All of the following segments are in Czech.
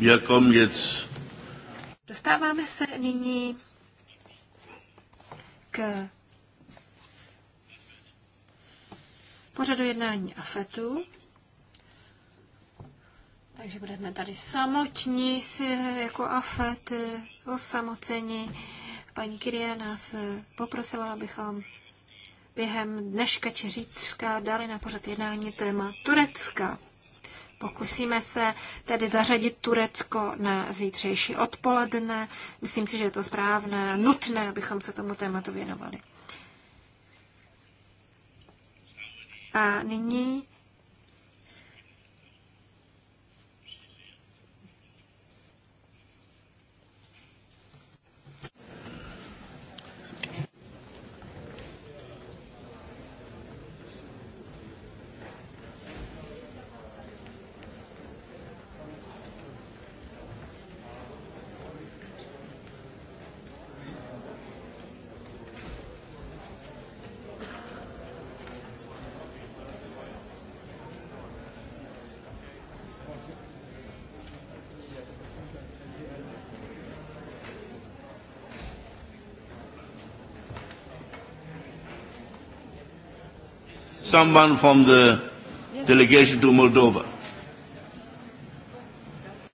Wir kommen jetzt. Dostáváme se nyní k pořadu jednání AFETu. Takže budeme tady samotní, si jako AFET, osamocení. Paní Kyrie nás poprosila, abychom během dneška či říčka dali na pořad jednání téma Turecka. Pokusíme se tedy zařadit Turecko na zítřejší odpoledne. Myslím si, že je to správné, nutné, abychom se tomu tématu věnovali. A nyní someone from the delegation to Moldova?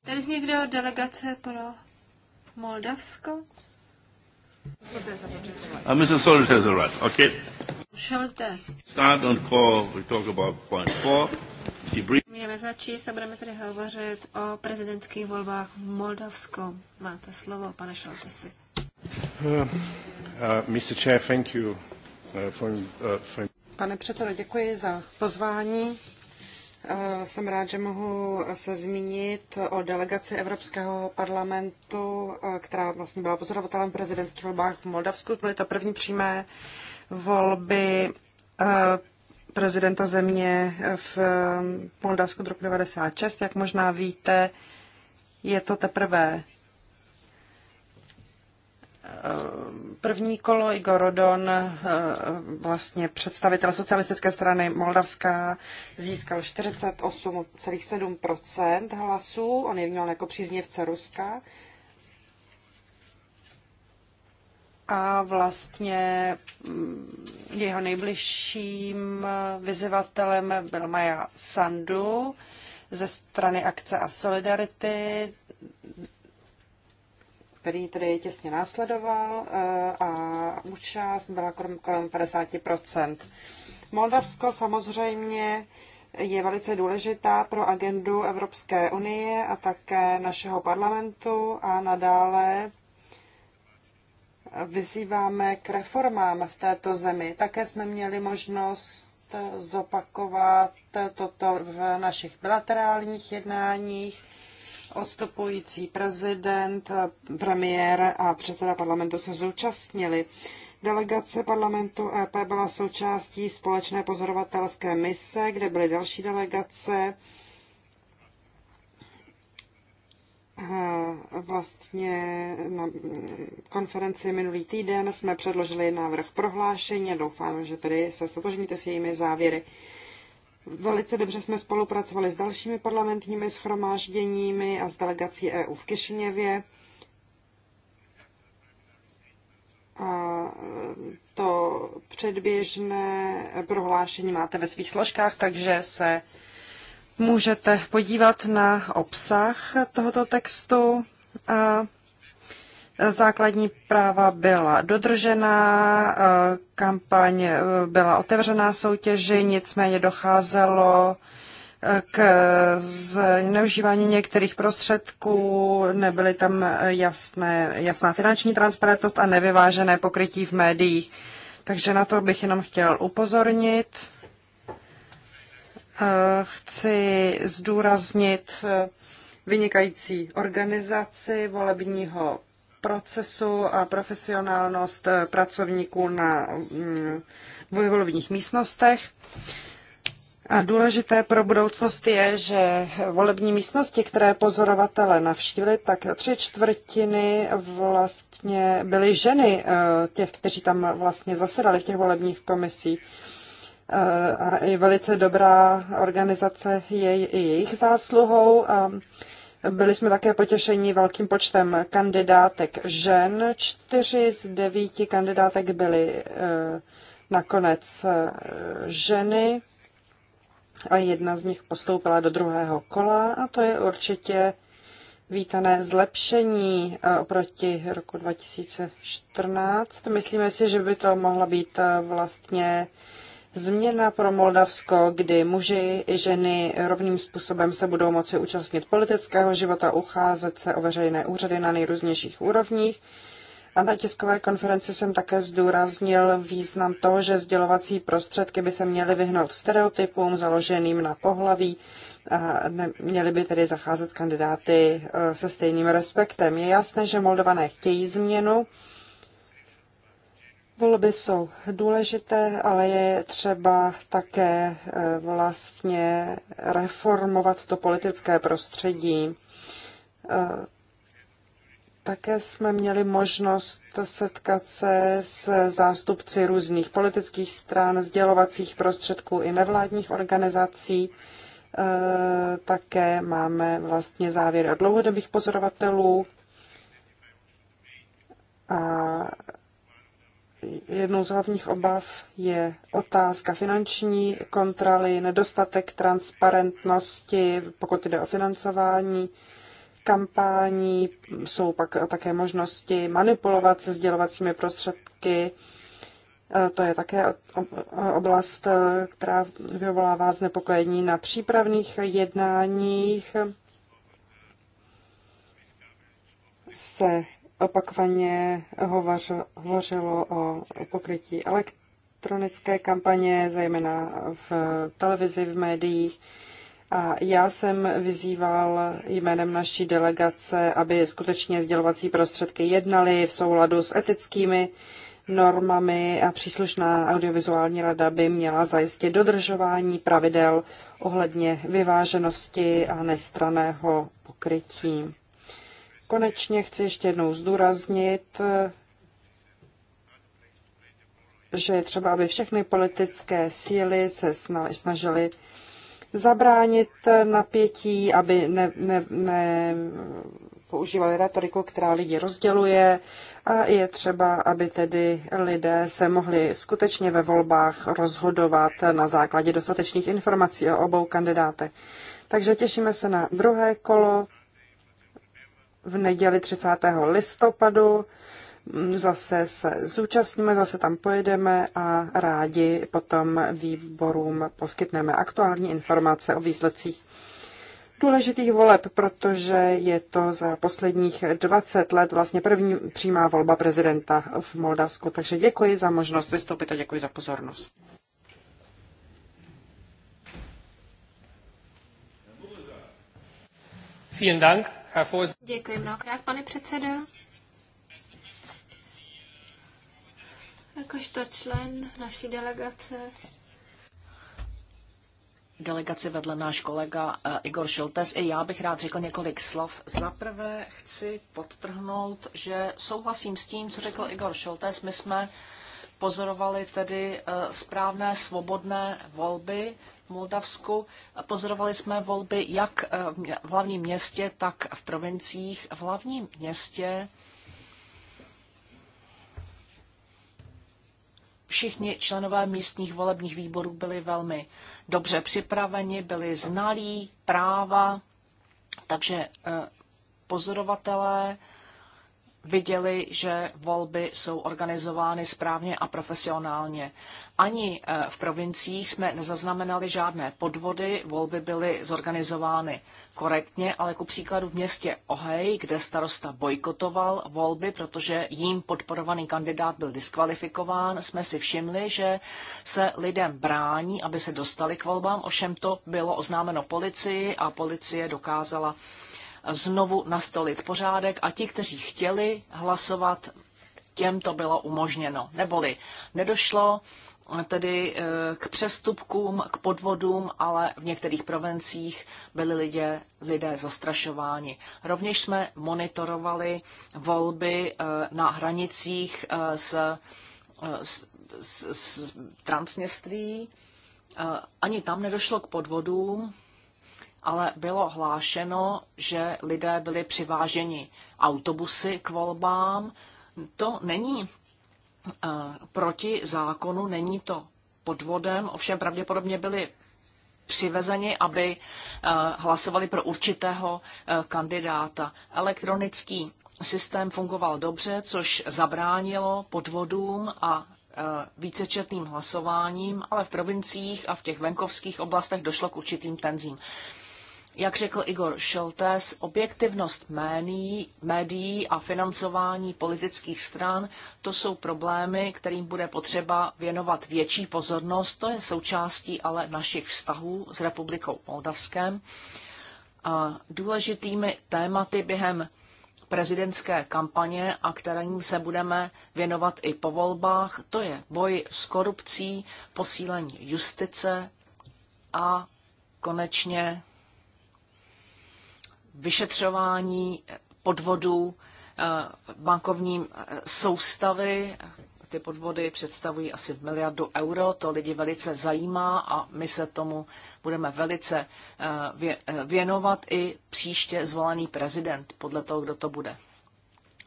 There is někdo delegace pro Moldavsko? Uh, Mr. Soldier has arrived. Okay. Šoltes. Start on call. We talk about point four. Měme začít a budeme tedy hovořit o prezidentských volbách v Moldavsku. Máte slovo, pane Šoltesi. Uh, uh, Mr. Chair, thank you uh, for, uh, for Pane předsedo, děkuji za pozvání. Eh, jsem rád, že mohu se zmínit o delegaci Evropského parlamentu, eh, která vlastně byla pozorovatelem prezidentských volbách v Moldavsku. Byly to první přímé volby eh, prezidenta země v Moldavsku roku 1996. Jak možná víte, je to teprve První kolo Igor Rodon, eh, vlastně představitel socialistické strany Moldavská, získal 48,7 hlasů. On je měl jako příznivce Ruska. A vlastně mm, jeho nejbližším vyzývatelem byl Maja Sandu ze strany Akce a Solidarity který tedy těsně následoval eh, a účast byla kolem 50%. Moldavsko samozřejmě je velice důležitá pro agendu Evropské unie a také našeho parlamentu a nadále vyzýváme k reformám v této zemi. Také jsme měli možnost zopakovat toto v našich bilaterálních jednáních odstupující prezident, premiér a předseda parlamentu se zúčastnili. Delegace parlamentu EP byla součástí společné pozorovatelské mise, kde byly další delegace. Vlastně na konferenci minulý týden jsme předložili návrh prohlášení a doufám, že tedy se stotožníte s jejími závěry. Velice dobře jsme spolupracovali s dalšími parlamentními schromážděními a s delegací EU v Kišiněvě. A to předběžné prohlášení máte ve svých složkách, takže se můžete podívat na obsah tohoto textu. A základní práva byla dodržena, eh, kampaň eh, byla otevřená soutěži, nicméně docházelo eh, k zneužívání některých prostředků, nebyly tam jasné, jasná finanční transparentnost a nevyvážené pokrytí v médiích. Takže na to bych jenom chtěl upozornit. Chci zdůraznit vynikající organizaci volebního procesu a profesionálnost pracovníků na mm, volebních místnostech. A důležité pro budoucnost je, že volební místnosti, které pozorovatele navštívili, tak tři čtvrtiny vlastně byly ženy eh, těch, kteří tam vlastně zasedali v těch volebních komisích. Eh, a je velice dobrá organizace je i jejich zásluhou. A byli jsme také potěšeni velkým počtem kandidátek žen. Čtyři z devíti kandidátek byly eh, nakonec eh, ženy a jedna z nich postoupila do druhého kola a to je určitě vítané zlepšení eh, oproti roku 2014. Myslíme si, že by to mohla být vlastně Změna pro Moldavsko, kdy muži i ženy rovným způsobem se budou moci účastnit politického života, ucházet se o veřejné úřady na nejrůznějších úrovních. A na tiskové konferenci jsem také zdůraznil význam toho, že sdělovací prostředky by se měly vyhnout stereotypům založeným na pohlaví, a měly by tedy zacházet kandidáty eh, se stejným respektem. Je jasné, že Moldované chtějí změnu, Volby jsou důležité, ale je třeba také eh, vlastně reformovat to politické prostředí. Eh, také jsme měli možnost setkat se s zástupci různých politických stran, sdělovacích prostředků i nevládních organizací. Eh, také máme vlastně závěry od dlouhodobých pozorovatelů a jednou z hlavních obav je otázka finanční kontroly, nedostatek transparentnosti, pokud jde o financování kampání, jsou pak také možnosti manipulovat se sdělovacími prostředky. E, to je také oblast, e, která vyvolává znepokojení na přípravných jednáních. Se opakovaně hovořilo o pokrytí elektronické kampaně, zejména v televizi, v médiích. A já jsem vyzýval jménem naší delegace, aby skutečně sdělovací prostředky jednaly v souladu s etickými normami a příslušná audiovizuální rada by měla zajistit dodržování pravidel ohledně vyváženosti a nestraného pokrytí. Konečně chci ještě jednou zdůraznit, že je třeba, aby všechny politické síly se snažily zabránit napětí, aby ne, ne, ne používali retoriku, která lidi rozděluje a je třeba, aby tedy lidé se mohli skutečně ve volbách rozhodovat na základě dostatečných informací o obou kandidátech. Takže těšíme se na druhé kolo v neděli 30. listopadu. Zase se zúčastníme, zase tam pojedeme a rádi potom výborům poskytneme aktuální informace o výsledcích důležitých voleb, protože je to za posledních 20 let vlastně první přímá volba prezidenta v Moldavsku. Takže děkuji za možnost vystoupit a děkuji za pozornost. Vielen Dank. Děkuji mnohokrát, pane předsedo. Jakožto člen naší delegace. Delegaci vedle náš kolega eh, Igor Šiltes. I já bych rád řekl několik slov. Zaprvé chci podtrhnout, že souhlasím s tím, co řekl Igor Šiltes. My jsme pozorovali tedy eh, správné svobodné volby Moldavsku. Pozorovali jsme volby jak eh, v hlavním městě, tak v provinciích. V hlavním městě všichni členové místních volebních výborů byli velmi dobře připraveni, byli znalí práva, takže eh, pozorovatelé viděli, že volby jsou organizovány správně a profesionálně. Ani eh, v provinciích jsme nezaznamenali žádné podvody, volby byly zorganizovány korektně, ale ku příkladu v městě Ohej, kde starosta bojkotoval volby, protože jím podporovaný kandidát byl diskvalifikován, jsme si všimli, že se lidem brání, aby se dostali k volbám, ovšem to bylo oznámeno policii a policie dokázala znovu nastolit pořádek a ti, kteří chtěli hlasovat, těm to bylo umožněno. Neboli nedošlo eh, tedy eh, k přestupkům, k podvodům, ale v některých provinciích byli lidé, lidé zastrašováni. Rovněž jsme monitorovali volby eh, na hranicích s, s, s, s Transněstrí. Ani tam nedošlo k podvodům, ale bylo hlášeno, že lidé byli přiváženi autobusy k volbám. To není eh, proti zákonu, není to podvodem, ovšem pravděpodobně byli přivezeni, aby eh, hlasovali pro určitého eh, kandidáta. Elektronický systém fungoval dobře, což zabránilo podvodům a vícečetným hlasováním, ale v provinciích a v těch venkovských oblastech došlo k určitým tenzím. Jak řekl Igor Šeltes, objektivnost médií, médií a financování politických stran, to jsou problémy, kterým bude potřeba věnovat větší pozornost. To je součástí ale našich vztahů s Republikou Moldavskem. A důležitými tématy během prezidentské kampaně a kterým se budeme věnovat i po volbách, to je boj s korupcí, posílení justice a konečně vyšetřování podvodů eh, bankovní soustavy. Ty podvody představují asi miliardu euro, to lidi velice zajímá a my se tomu budeme velice eh, eh, věnovat i příště zvolený prezident, podle toho, kdo to bude.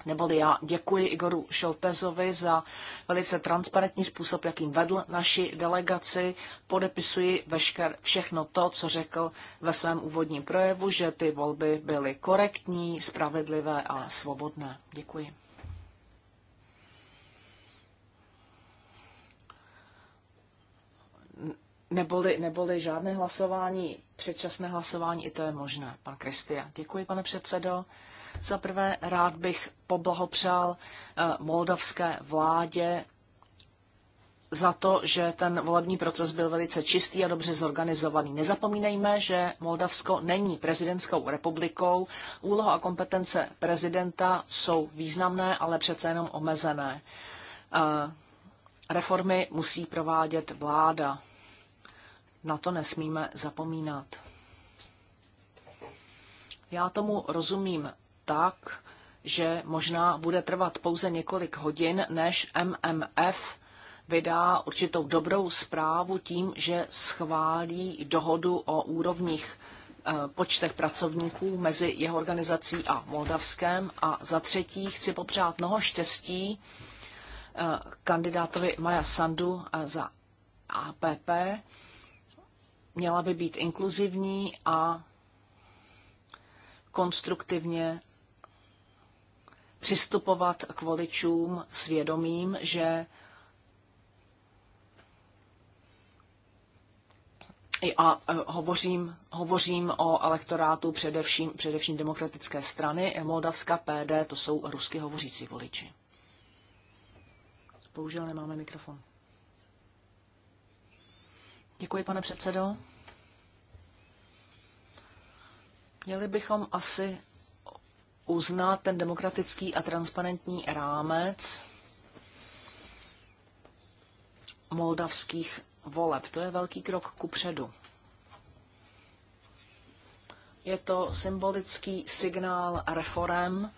Neboli já děkuji Igoru Šoltezovi za velice transparentní způsob, jakým vedl naši delegaci. Podepisuji vešker, všechno to, co řekl ve svém úvodním projevu, že ty volby byly korektní, spravedlivé a svobodné. Děkuji. Neboli, neboli žádné hlasování, předčasné hlasování, i to je možné. Pan Kristia, děkuji, pane předsedo. Za prvé rád bych poblahopřál eh, moldavské vládě za to, že ten volební proces byl velice čistý a dobře zorganizovaný. Nezapomínejme, že Moldavsko není prezidentskou republikou. Úloha a kompetence prezidenta jsou významné, ale přece jenom omezené. Eh, reformy musí provádět vláda. Na to nesmíme zapomínat. Já tomu rozumím tak, že možná bude trvat pouze několik hodin, než MMF vydá určitou dobrou zprávu tím, že schválí dohodu o úrovních eh, počtech pracovníků mezi jeho organizací a Moldavskem. A za třetí chci popřát mnoho štěstí eh, kandidátovi Maja Sandu eh, za APP. Měla by být inkluzivní a konstruktivně přistupovat k voličům svědomím, že a e, hovořím, hovořím o elektorátu především, především demokratické strany, e, Moldavska, PD, to jsou rusky hovořící voliči. Bohužel nemáme mikrofon. Děkuji, pane předsedo. Měli bychom asi uznat ten demokratický a transparentní rámec moldavských voleb. To je velký krok ku předu. Je to symbolický signál reform,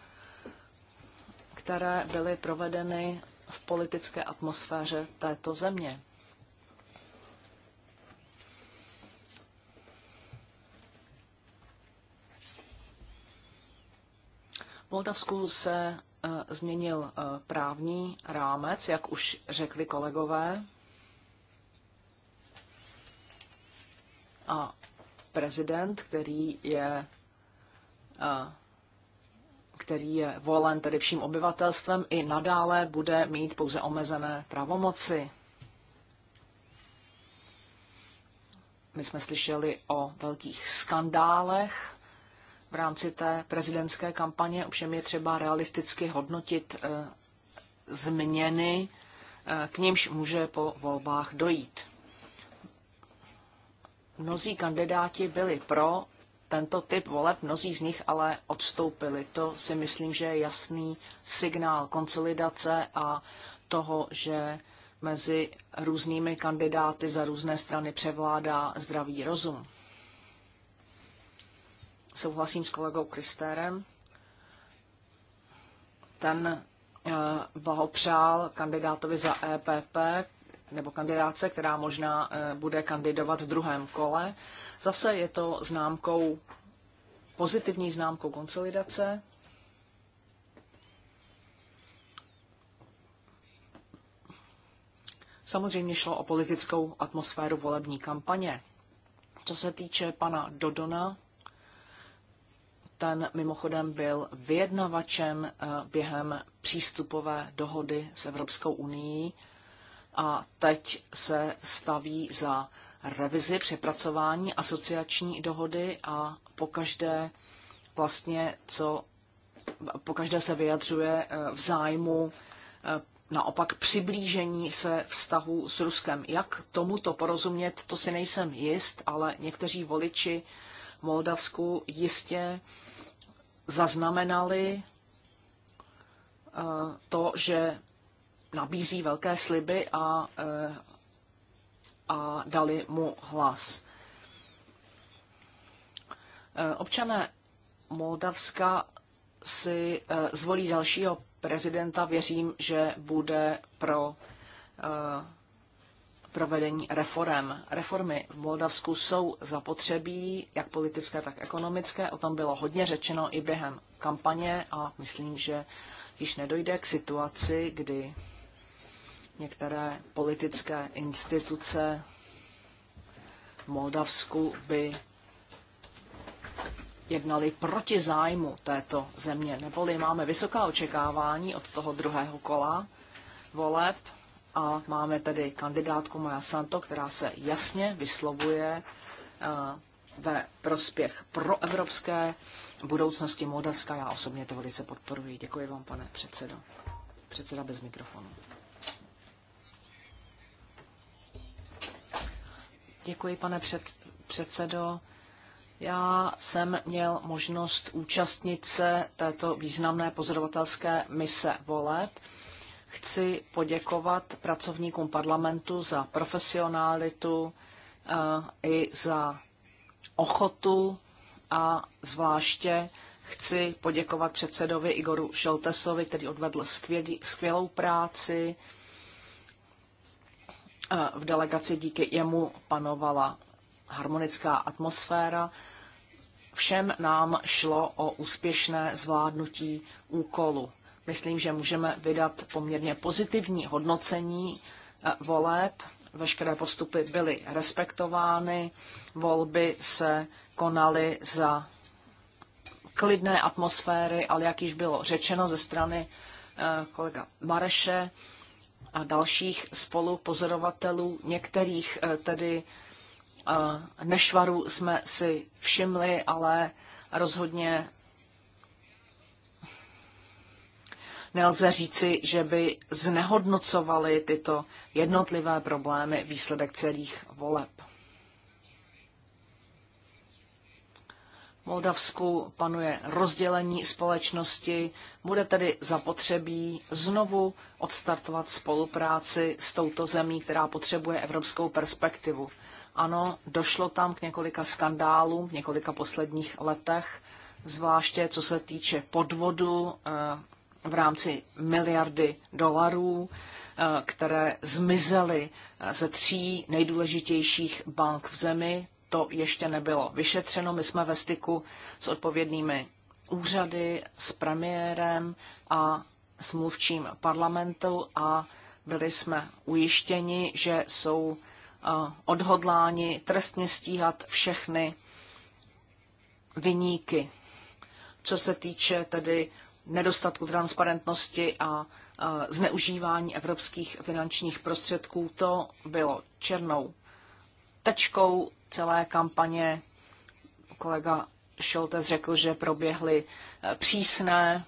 které byly provedeny v politické atmosféře této země. Moldavsku se eh, změnil eh, právní rámec, jak už řekli kolegové. A prezident, který je, eh, který je volen tedy vším obyvatelstvem, i nadále bude mít pouze omezené pravomoci. My jsme slyšeli o velkých skandálech v rámci té prezidentské kampaně, ovšem je třeba realisticky hodnotit eh, změny, eh, k nímž může po volbách dojít. Mnozí kandidáti byli pro tento typ voleb, mnozí z nich ale odstoupili. To si myslím, že je jasný signál konsolidace a toho, že mezi různými kandidáty za různé strany převládá zdravý rozum. Souhlasím s kolegou Kristérem. Ten eh, blahopřál kandidátovi za EPP nebo kandidáce, která možná eh, bude kandidovat v druhém kole. Zase je to známkou, pozitivní známkou konsolidace. Samozřejmě šlo o politickou atmosféru volební kampaně. Co se týče pana Dodona, ten mimochodem byl vyjednavačem eh, během přístupové dohody s Evropskou unii a teď se staví za revizi, přepracování asociační dohody a pokaždé vlastně, co pokaždé se vyjadřuje eh, v zájmu eh, naopak přiblížení se vztahu s Ruskem. Jak tomuto porozumět, to si nejsem jist, ale někteří voliči Moldavsku jistě zaznamenali eh, to, že nabízí velké sliby a, eh, a dali mu hlas. Eh, občané Moldavska si zvolí dalšího prezidenta. Věřím, že bude pro provedení reform. Reformy v Moldavsku jsou zapotřebí, jak politické, tak ekonomické. O tom bylo hodně řečeno i během kampaně a myslím, že již nedojde k situaci, kdy některé politické instituce v Moldavsku by jednali proti zájmu této země. Neboli máme vysoká očekávání od toho druhého kola voleb a máme tedy kandidátku Maja Santo, která se jasně vyslovuje eh, ve prospěch proevropské budoucnosti Moldavska. Já osobně to velice podporuji. Děkuji vám, pane předsedo. Předseda bez mikrofonu. Děkuji, pane před, předsedo. Já jsem měl možnost účastnit se této významné pozorovatelské mise voleb Chci poděkovat pracovníkům parlamentu za profesionalitu eh, i za ochotu a zvláště chci poděkovat předsedovi Igoru Šoltesovi, který odvedl skvělý, skvělou práci. Eh, v delegaci díky jemu panovala harmonická atmosféra. Všem nám šlo o úspěšné zvládnutí úkolu myslím, že můžeme vydat poměrně pozitivní hodnocení eh, voleb. Veškeré postupy byly respektovány, volby se konaly za klidné atmosféry, ale jak již bylo řečeno ze strany eh, kolega Mareše a dalších spolupozorovatelů, některých eh, tedy nešvarů jsme si všimli, ale rozhodně nelze říci, že by znehodnocovaly tyto jednotlivé problémy výsledek celých voleb. V Moldavsku panuje rozdělení společnosti, bude tedy zapotřebí znovu odstartovat spolupráci s touto zemí, která potřebuje evropskou perspektivu. Ano, došlo tam k několika skandálům v několika posledních letech, zvláště co se týče podvodu eh, v rámci miliardy dolarů, eh, které zmizely eh, ze tří nejdůležitějších bank v zemi. To ještě nebylo vyšetřeno. My jsme ve styku s odpovědnými úřady, s premiérem a s mluvčím parlamentu a byli jsme ujištěni, že jsou eh, odhodláni trestně stíhat všechny vyníky. Co se týče tedy nedostatku transparentnosti a zneužívání evropských finančních prostředků. To bylo černou tečkou celé kampaně. Kolega Šoltes řekl, že proběhly e, přísné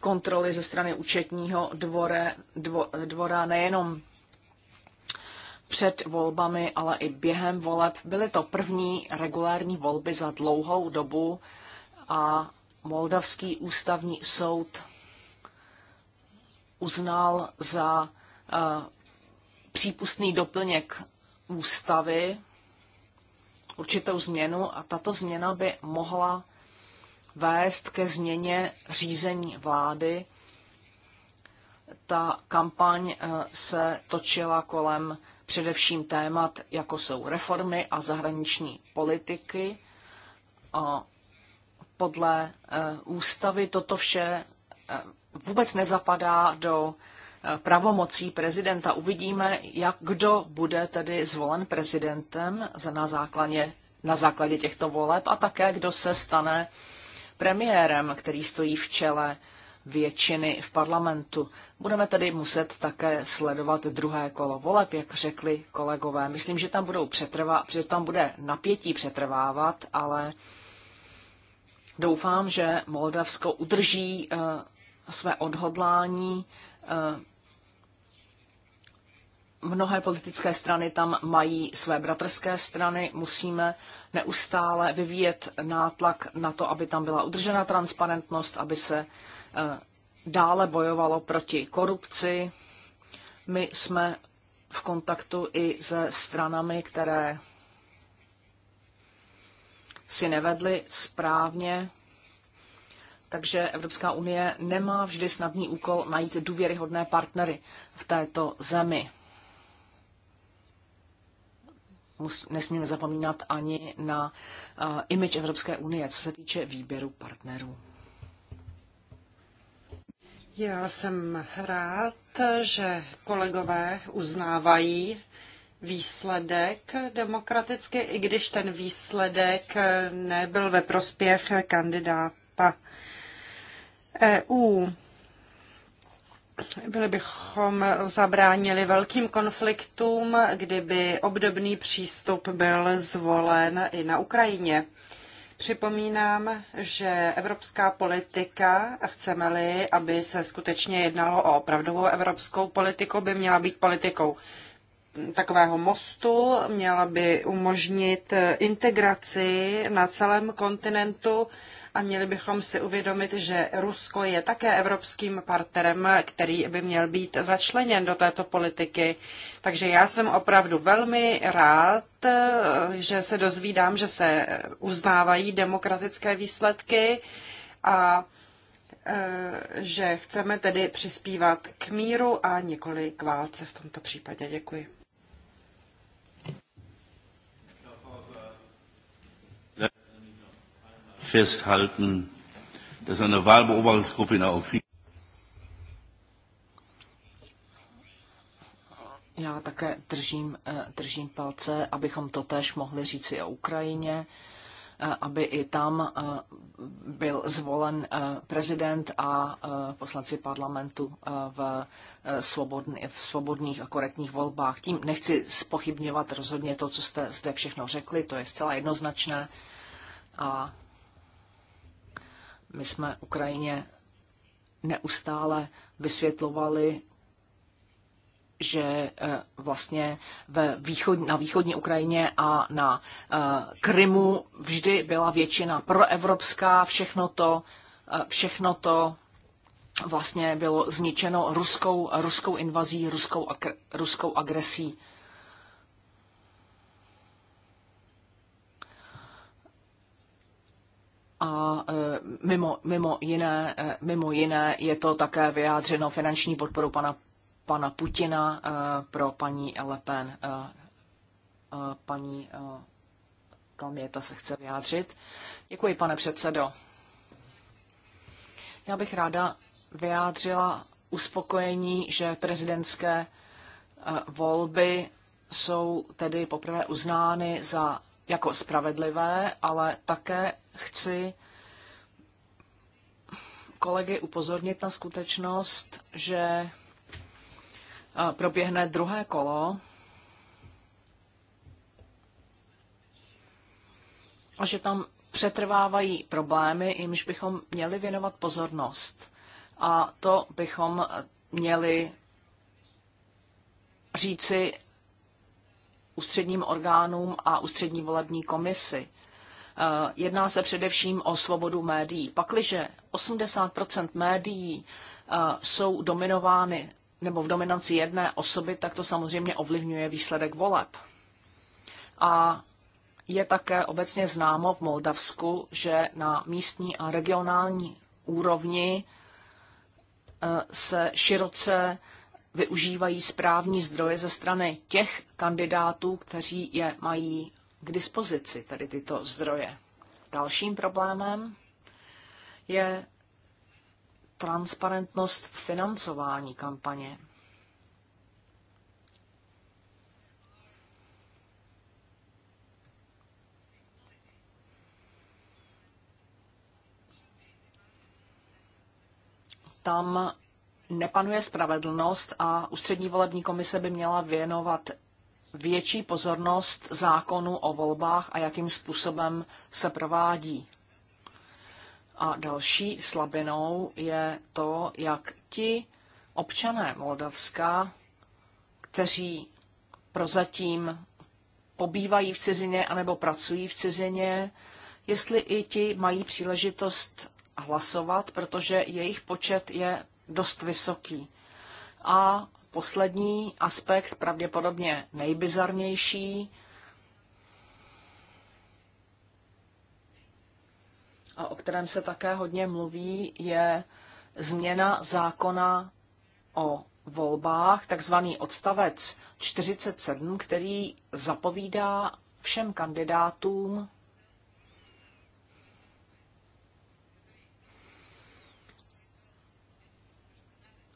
kontroly ze strany účetního dvore, dvo, dvora nejenom před volbami, ale i během voleb. Byly to první regulární volby za dlouhou dobu a Moldavský ústavní soud uznal za eh, přípustný doplněk ústavy určitou změnu a tato změna by mohla vést ke změně řízení vlády. Ta kampaň eh, se točila kolem především témat, jako jsou reformy a zahraniční politiky. A podle eh, ústavy toto vše eh, vůbec nezapadá do eh, pravomocí prezidenta. Uvidíme, jak kdo bude tedy zvolen prezidentem na základě, na základě těchto voleb a také kdo se stane premiérem, který stojí v čele většiny v parlamentu. Budeme tedy muset také sledovat druhé kolo voleb, jak řekli kolegové. Myslím, že tam, budou přetrvá, že tam bude napětí přetrvávat, ale Doufám, že Moldavsko udrží eh, své odhodlání. Eh, mnohé politické strany tam mají své bratrské strany. Musíme neustále vyvíjet nátlak na to, aby tam byla udržena transparentnost, aby se eh, dále bojovalo proti korupci. My jsme v kontaktu i se stranami, které si nevedli správně, takže Evropská unie nemá vždy snadný úkol najít důvěryhodné partnery v této zemi. Mus, nesmíme zapomínat ani na uh, image Evropské unie, co se týče výběru partnerů. Já jsem rád, že kolegové uznávají výsledek demokraticky, i když ten výsledek nebyl ve prospěch kandidáta EU. Byli bychom zabránili velkým konfliktům, kdyby obdobný přístup byl zvolen i na Ukrajině. Připomínám, že evropská politika, chceme-li, aby se skutečně jednalo o opravdovou evropskou politiku, by měla být politikou takového mostu, měla by umožnit integraci na celém kontinentu a měli bychom si uvědomit, že Rusko je také evropským partnerem, který by měl být začleněn do této politiky. Takže já jsem opravdu velmi rád, že se dozvídám, že se uznávají demokratické výsledky a eh, že chceme tedy přispívat k míru a nikoli k válce v tomto případě. Děkuji. festhalten, dass eine Wahlbeobachtungsgruppe in der Ukraine Já také držím, eh, držím palce, abychom to tež mohli říci o Ukrajině, eh, aby i tam eh, byl zvolen prezident a poslanci parlamentu v, svobodný, v svobodných a korektních volbách. Tím nechci spochybňovat rozhodně to, co jste zde všechno řekli, to je zcela jednoznačné. A my jsme Ukrajině neustále vysvětlovali, že eh, vlastně ve východ, na východní Ukrajině a na eh, Krymu vždy byla většina proevropská, všechno to, eh, všechno to vlastně bylo zničeno ruskou, ruskou invazí, ruskou, ruskou agresí. a e, mimo, mimo, jiné, e, mimo jiné je to také vyjádřeno finanční podporu pana, pana Putina e, pro paní Le Pen. Paní Kalměta se chce vyjádřit. Děkuji, pane předsedo. Já bych ráda vyjádřila uspokojení, že prezidentské volby jsou tedy poprvé uznány za jako spravedlivé, ale také chci kolegy upozornit na skutečnost, že proběhne druhé kolo a že tam přetrvávají problémy, jimž bychom měli věnovat pozornost. A to bychom měli říci ústředním orgánům a ústřední volební komisi. Eh, jedná se především o svobodu médií. Pakliže 80 médií eh, jsou dominovány nebo v dominanci jedné osoby, tak to samozřejmě ovlivňuje výsledek voleb. A je také obecně známo v Moldavsku, že na místní a regionální úrovni eh, se široce využívají správní zdroje ze strany těch kandidátů, kteří je mají k dispozici, tedy tyto zdroje. Dalším problémem je transparentnost financování kampaně. Tam nepanuje spravedlnost a ústřední volební komise by měla věnovat větší pozornost zákonu o volbách a jakým způsobem se provádí. A další slabinou je to, jak ti občané Moldavska, kteří prozatím pobývají v cizině anebo pracují v cizině, jestli i ti mají příležitost hlasovat, protože jejich počet je dost vysoký. A poslední aspekt, pravděpodobně nejbizarnější, a o kterém se také hodně mluví, je změna zákona o volbách, takzvaný odstavec 47, který zapovídá všem kandidátům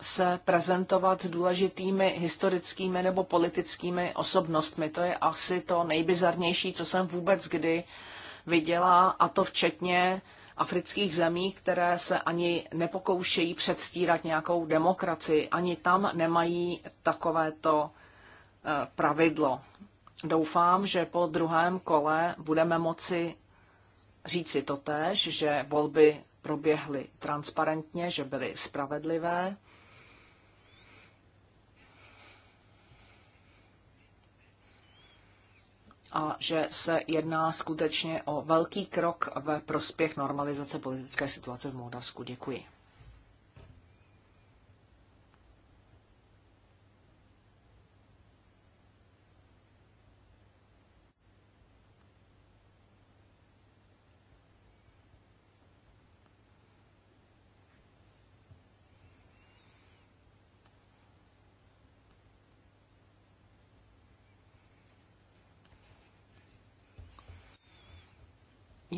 se prezentovat s důležitými historickými nebo politickými osobnostmi. To je asi to nejbizarnější, co jsem vůbec kdy viděla, a to včetně afrických zemí, které se ani nepokoušejí předstírat nějakou demokracii. Ani tam nemají takovéto eh, pravidlo. Doufám, že po druhém kole budeme moci říci totéž, že volby proběhly transparentně, že byly spravedlivé a že se jedná skutečně o velký krok ve prospěch normalizace politické situace v Moldavsku. Děkuji.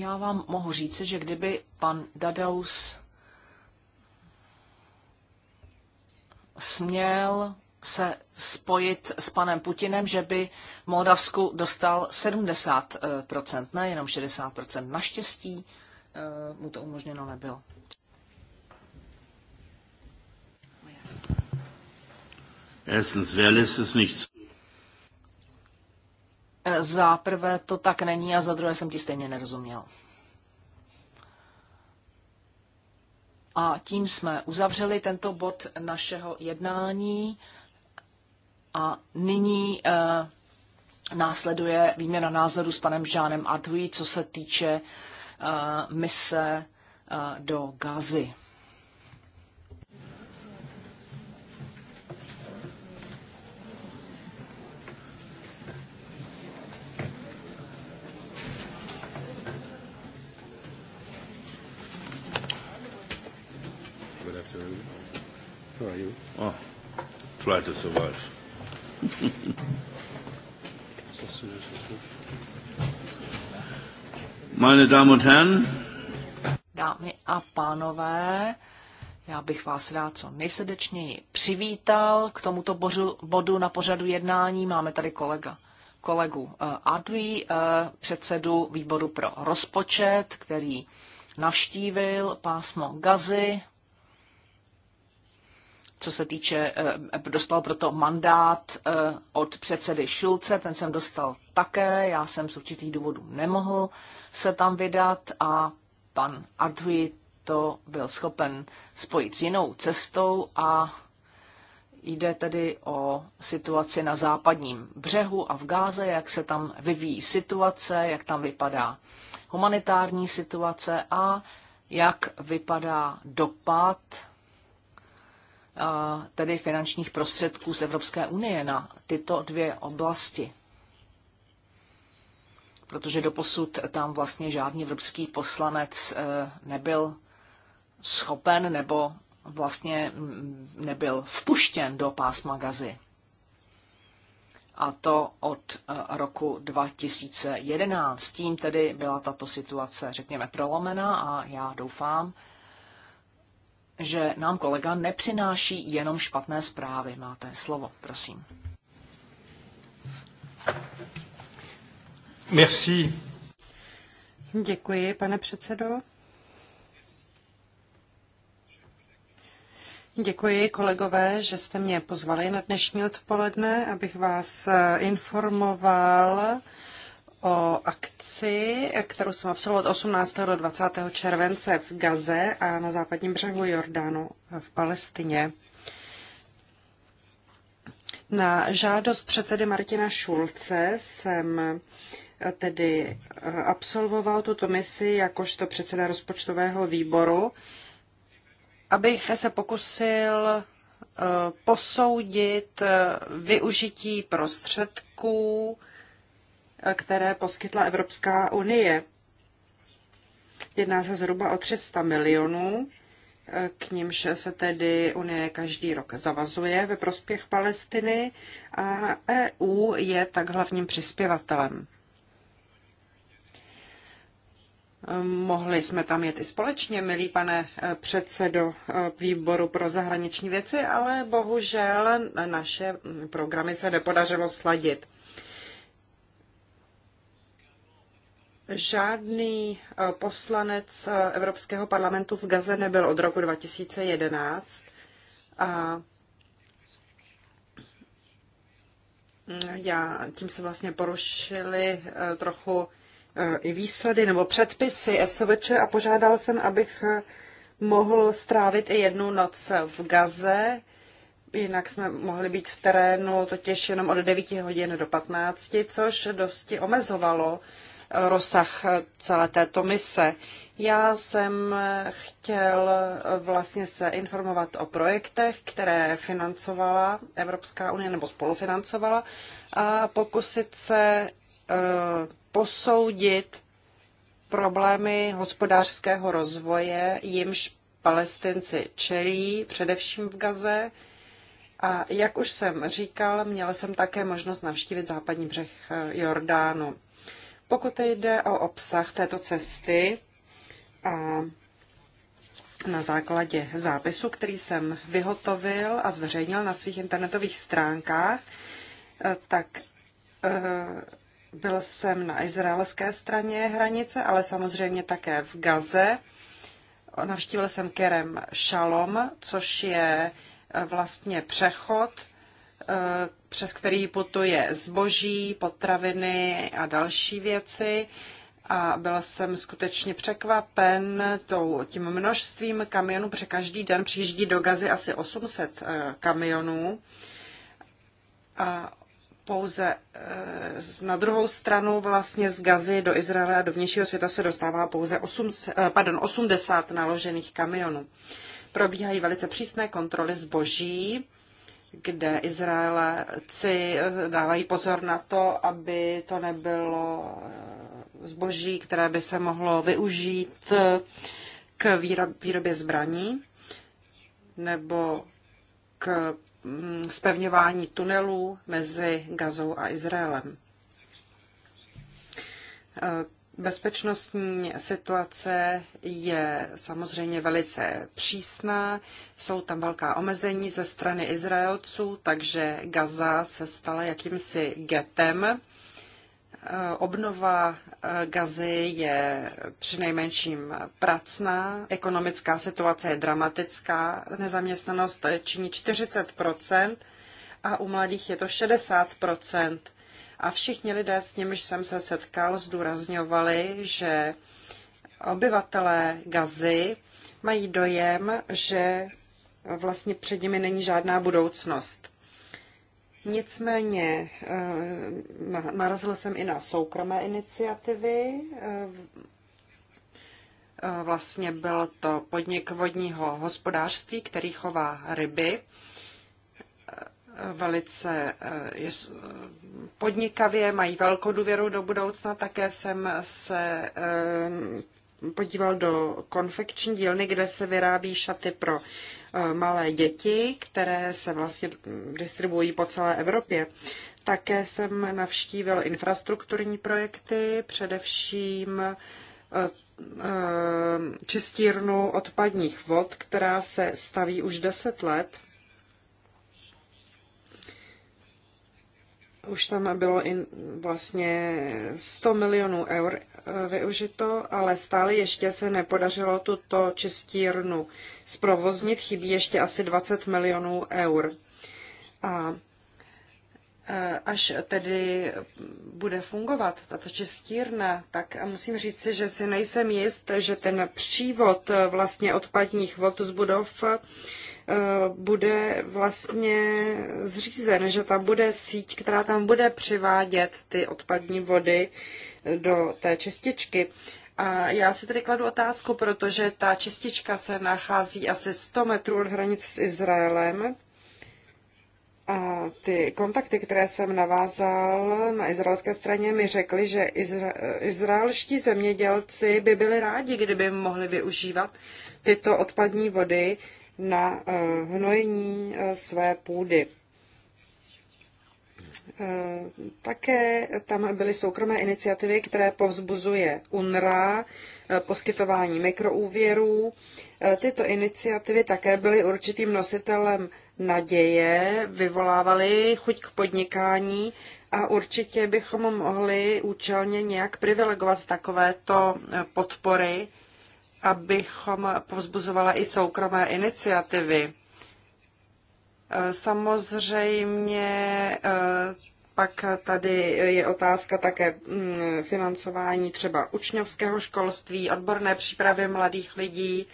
já vám mohu říci, že kdyby pan Dadaus směl se spojit s panem Putinem, že by Moldavsku dostal 70%, ne jenom 60%. Naštěstí eh, mu to umožněno nebylo. Erstens, wer lässt es nicht za prvé to tak není a za druhé jsem ti stejně nerozuměl. A tím jsme uzavřeli tento bod našeho jednání a nyní eh, následuje výměna názoru s panem Žánem Adui, co se týče eh, mise eh, do Gazy. How are you? Oh, try to survive. Meine Damen und Herren. Dámy a pánové, já bych vás rád co nejsrdečněji přivítal k tomuto bodu, bodu na pořadu jednání. Máme tady kolega, kolegu eh, Adui, eh, předsedu výboru pro rozpočet, který navštívil pásmo Gazy co se týče, eh, dostal proto mandát eh, od předsedy Šulce, ten jsem dostal také, já jsem z určitých důvodů nemohl se tam vydat a pan Artui to byl schopen spojit s jinou cestou a jde tedy o situaci na západním břehu a v Gáze, jak se tam vyvíjí situace, jak tam vypadá humanitární situace a jak vypadá dopad tedy finančních prostředků z Evropské unie na tyto dvě oblasti. Protože doposud tam vlastně žádný evropský poslanec e, nebyl schopen nebo vlastně nebyl vpuštěn do pásma gazy. A to od e, roku 2011. Tím tedy byla tato situace, řekněme, prolomená a já doufám, že nám kolega nepřináší jenom špatné zprávy. Máte slovo, prosím. Merci. Děkuji, pane předsedo. Děkuji kolegové, že jste mě pozvali na dnešní odpoledne, abych vás informoval o akci, kterou jsem absolvoval od 18. do 20. července v Gaze a na západním břehu Jordánu v Palestině. Na žádost předsedy Martina Šulce jsem eh, tedy eh, absolvoval tuto misi jakožto předseda rozpočtového výboru, abych se pokusil eh, posoudit využití prostředků, které poskytla Evropská unie. Jedná se zhruba o 300 milionů, k nímž se tedy Unie každý rok zavazuje ve prospěch Palestiny a EU je tak hlavním přispěvatelem. Mohli jsme tam jet i společně, milý pane eh, předsedo eh, výboru pro zahraniční věci, ale bohužel naše programy se nepodařilo sladit. Žádný eh, poslanec eh, Evropského parlamentu v Gaze nebyl od roku 2011 a mm, já, tím se vlastně porušili eh, trochu i výsledy nebo předpisy SVČ a požádal jsem, abych mohl strávit i jednu noc v Gaze, jinak jsme mohli být v terénu totiž jenom od 9 hodin do 15, což dosti omezovalo rozsah celé této mise. Já jsem chtěl vlastně se informovat o projektech, které financovala Evropská unie nebo spolufinancovala a pokusit se eh, posoudit problémy hospodářského rozvoje, jimž palestinci čelí, především v Gaze. A jak už jsem říkal, měla jsem také možnost navštívit západní břeh eh, Jordánu. Pokud jde o obsah této cesty a na základě zápisu, který jsem vyhotovil a zveřejnil na svých internetových stránkách, eh, tak eh, byl jsem na izraelské straně hranice, ale samozřejmě také v Gaze. Navštívil jsem Kerem Shalom, což je eh, vlastně přechod přes který putuje zboží, potraviny a další věci. A byl jsem skutečně překvapen tou, tím množstvím kamionů, protože každý den přijíždí do Gazy asi 800 eh, kamionů. A pouze eh, na druhou stranu vlastně z Gazy do Izraele a do vnějšího světa se dostává pouze 8, eh, pardon, 80 naložených kamionů. Probíhají velice přísné kontroly zboží kde Izraelci eh, dávají pozor na to, aby to nebylo eh, zboží, které by se mohlo využít eh, k výrobě zbraní nebo k spevňování mm, tunelů mezi Gazou a Izraelem. Bezpečnostní situace je samozřejmě velice přísná, jsou tam velká omezení ze strany Izraelců, takže Gaza se stala jakýmsi getem. Eh, obnova eh, Gazy je přinejmenším pracná, ekonomická situace je dramatická, nezaměstnanost činí 40 a u mladých je to 60 a všichni lidé, s nimiž jsem se setkal, zdůrazňovali, že obyvatelé Gazy mají dojem, že vlastně před nimi není žádná budoucnost. Nicméně eh, narazil jsem i na soukromé iniciativy. Eh, eh, vlastně byl to podnik vodního hospodářství, který chová ryby velice eh, eh, podnikavě, mají velkou důvěru do budoucna. Také jsem se eh, podíval do konfekční dílny, kde se vyrábí šaty pro malé děti, které se vlastně distribuují po celé Evropě. Také jsem navštívil infrastrukturní projekty, především čistírnu odpadních vod, která se staví už 10 let už tam bylo in, vlastně 100 milionů eur eh, využito, ale stále ještě se nepodařilo tuto čistírnu zprovoznit. Chybí ještě asi 20 milionů eur. A eh, až tedy bude fungovat tato čistírna, tak musím říct, že si nejsem jist, že ten přívod eh, vlastně odpadních vod z budov Eh, bude vlastně zřízen, že tam bude síť, která tam bude přivádět ty odpadní vody eh, do té čističky. A já si tedy kladu otázku, protože ta čistička se nachází asi 100 metrů od hranic s Izraelem. A ty kontakty, které jsem navázal na izraelské straně, mi řekly, že izra- izraelští zemědělci by byli rádi, kdyby mohli využívat tyto odpadní vody na eh, hnojení eh, své půdy. Eh, také tam byly soukromé iniciativy, které povzbuzuje UNRA, poskytování mikroúvěrů. Tyto iniciativy také byly určitým nositelem naděje, vyvolávaly chuť k podnikání a určitě bychom mohli účelně nějak privilegovat takovéto podpory abychom povzbuzovala i soukromé iniciativy. E, samozřejmě e, pak tady je otázka také mm, financování třeba učňovského školství, odborné přípravy mladých lidí.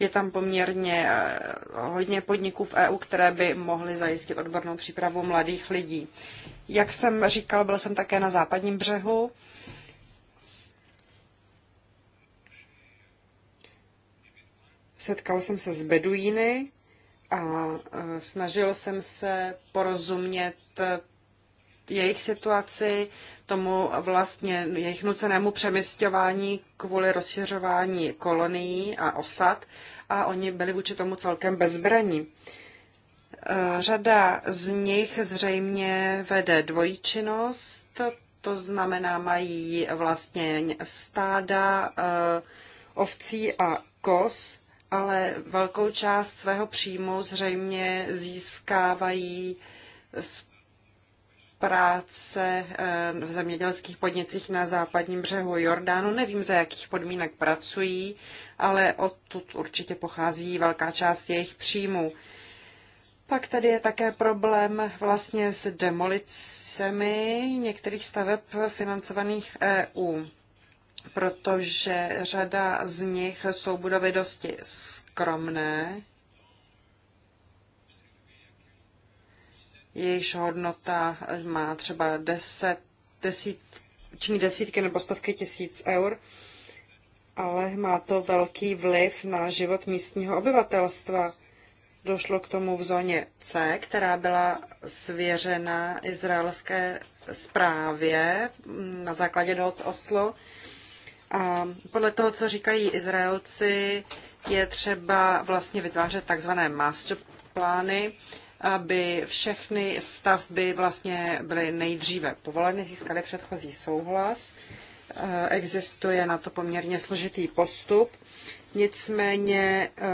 Je tam poměrně e, hodně podniků v EU, které by mohly zajistit odbornou přípravu mladých lidí. Jak jsem říkal, byl jsem také na západním břehu Setkal jsem se s Beduíny a snažil jsem se porozumět e, jejich situaci, tomu vlastně jejich nucenému přemysťování kvůli rozšiřování kolonií a osad a oni byli vůči tomu celkem bezbraní. E, řada z nich zřejmě vede dvojčinnost, to znamená mají vlastně stáda e, ovcí a kos ale velkou část svého příjmu zřejmě získávají z práce eh, v zemědělských podnicích na západním břehu Jordánu. Nevím, za jakých podmínek pracují, ale odtud určitě pochází velká část jejich příjmů. Pak tady je také problém vlastně s demolicemi některých staveb financovaných EU protože řada z nich jsou budovy dosti skromné, jejichž hodnota má třeba deset, desít, činí desítky nebo stovky tisíc eur, ale má to velký vliv na život místního obyvatelstva. Došlo k tomu v zóně C, která byla svěřena izraelské správě na základě dohod z Oslo a podle toho, co říkají Izraelci, je třeba vlastně vytvářet takzvané plány, aby všechny stavby vlastně byly nejdříve povoleny, získaly předchozí souhlas. Eh, existuje na to poměrně složitý postup. Nicméně eh,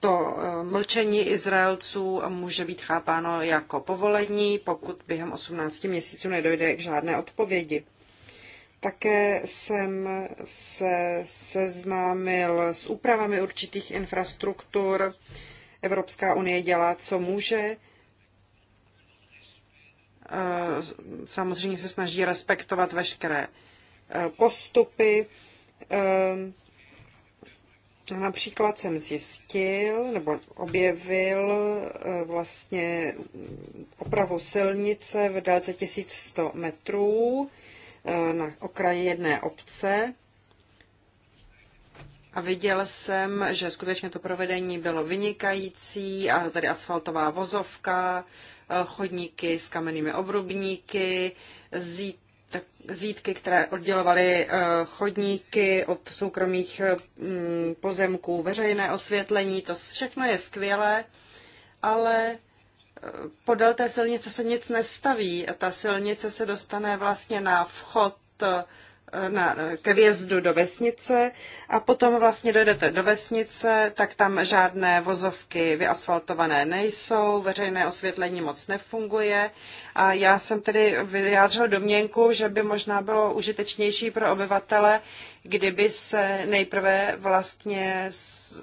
to eh, mlčení Izraelců může být chápáno jako povolení, pokud během 18 měsíců nedojde k žádné odpovědi. Také jsem se seznámil s úpravami určitých infrastruktur. Evropská unie dělá, co může. Samozřejmě se snaží respektovat veškeré e, postupy. E, například jsem zjistil nebo objevil e, vlastně opravu silnice v délce 1100 metrů Eh, na okraji jedné obce a viděl jsem, že skutečně to provedení bylo vynikající a tady asfaltová vozovka, eh, chodníky s kamennými obrubníky, zítky, které oddělovaly eh, chodníky od soukromých mm, pozemků, veřejné osvětlení, to všechno je skvělé, ale podél té silnice se nic nestaví. Ta silnice se dostane vlastně na vchod eh, na, ke vjezdu do vesnice a potom vlastně dojdete do vesnice, tak tam žádné vozovky vyasfaltované nejsou, veřejné osvětlení moc nefunguje a já jsem tedy vyjádřil domněnku, že by možná bylo užitečnější pro obyvatele, kdyby se nejprve vlastně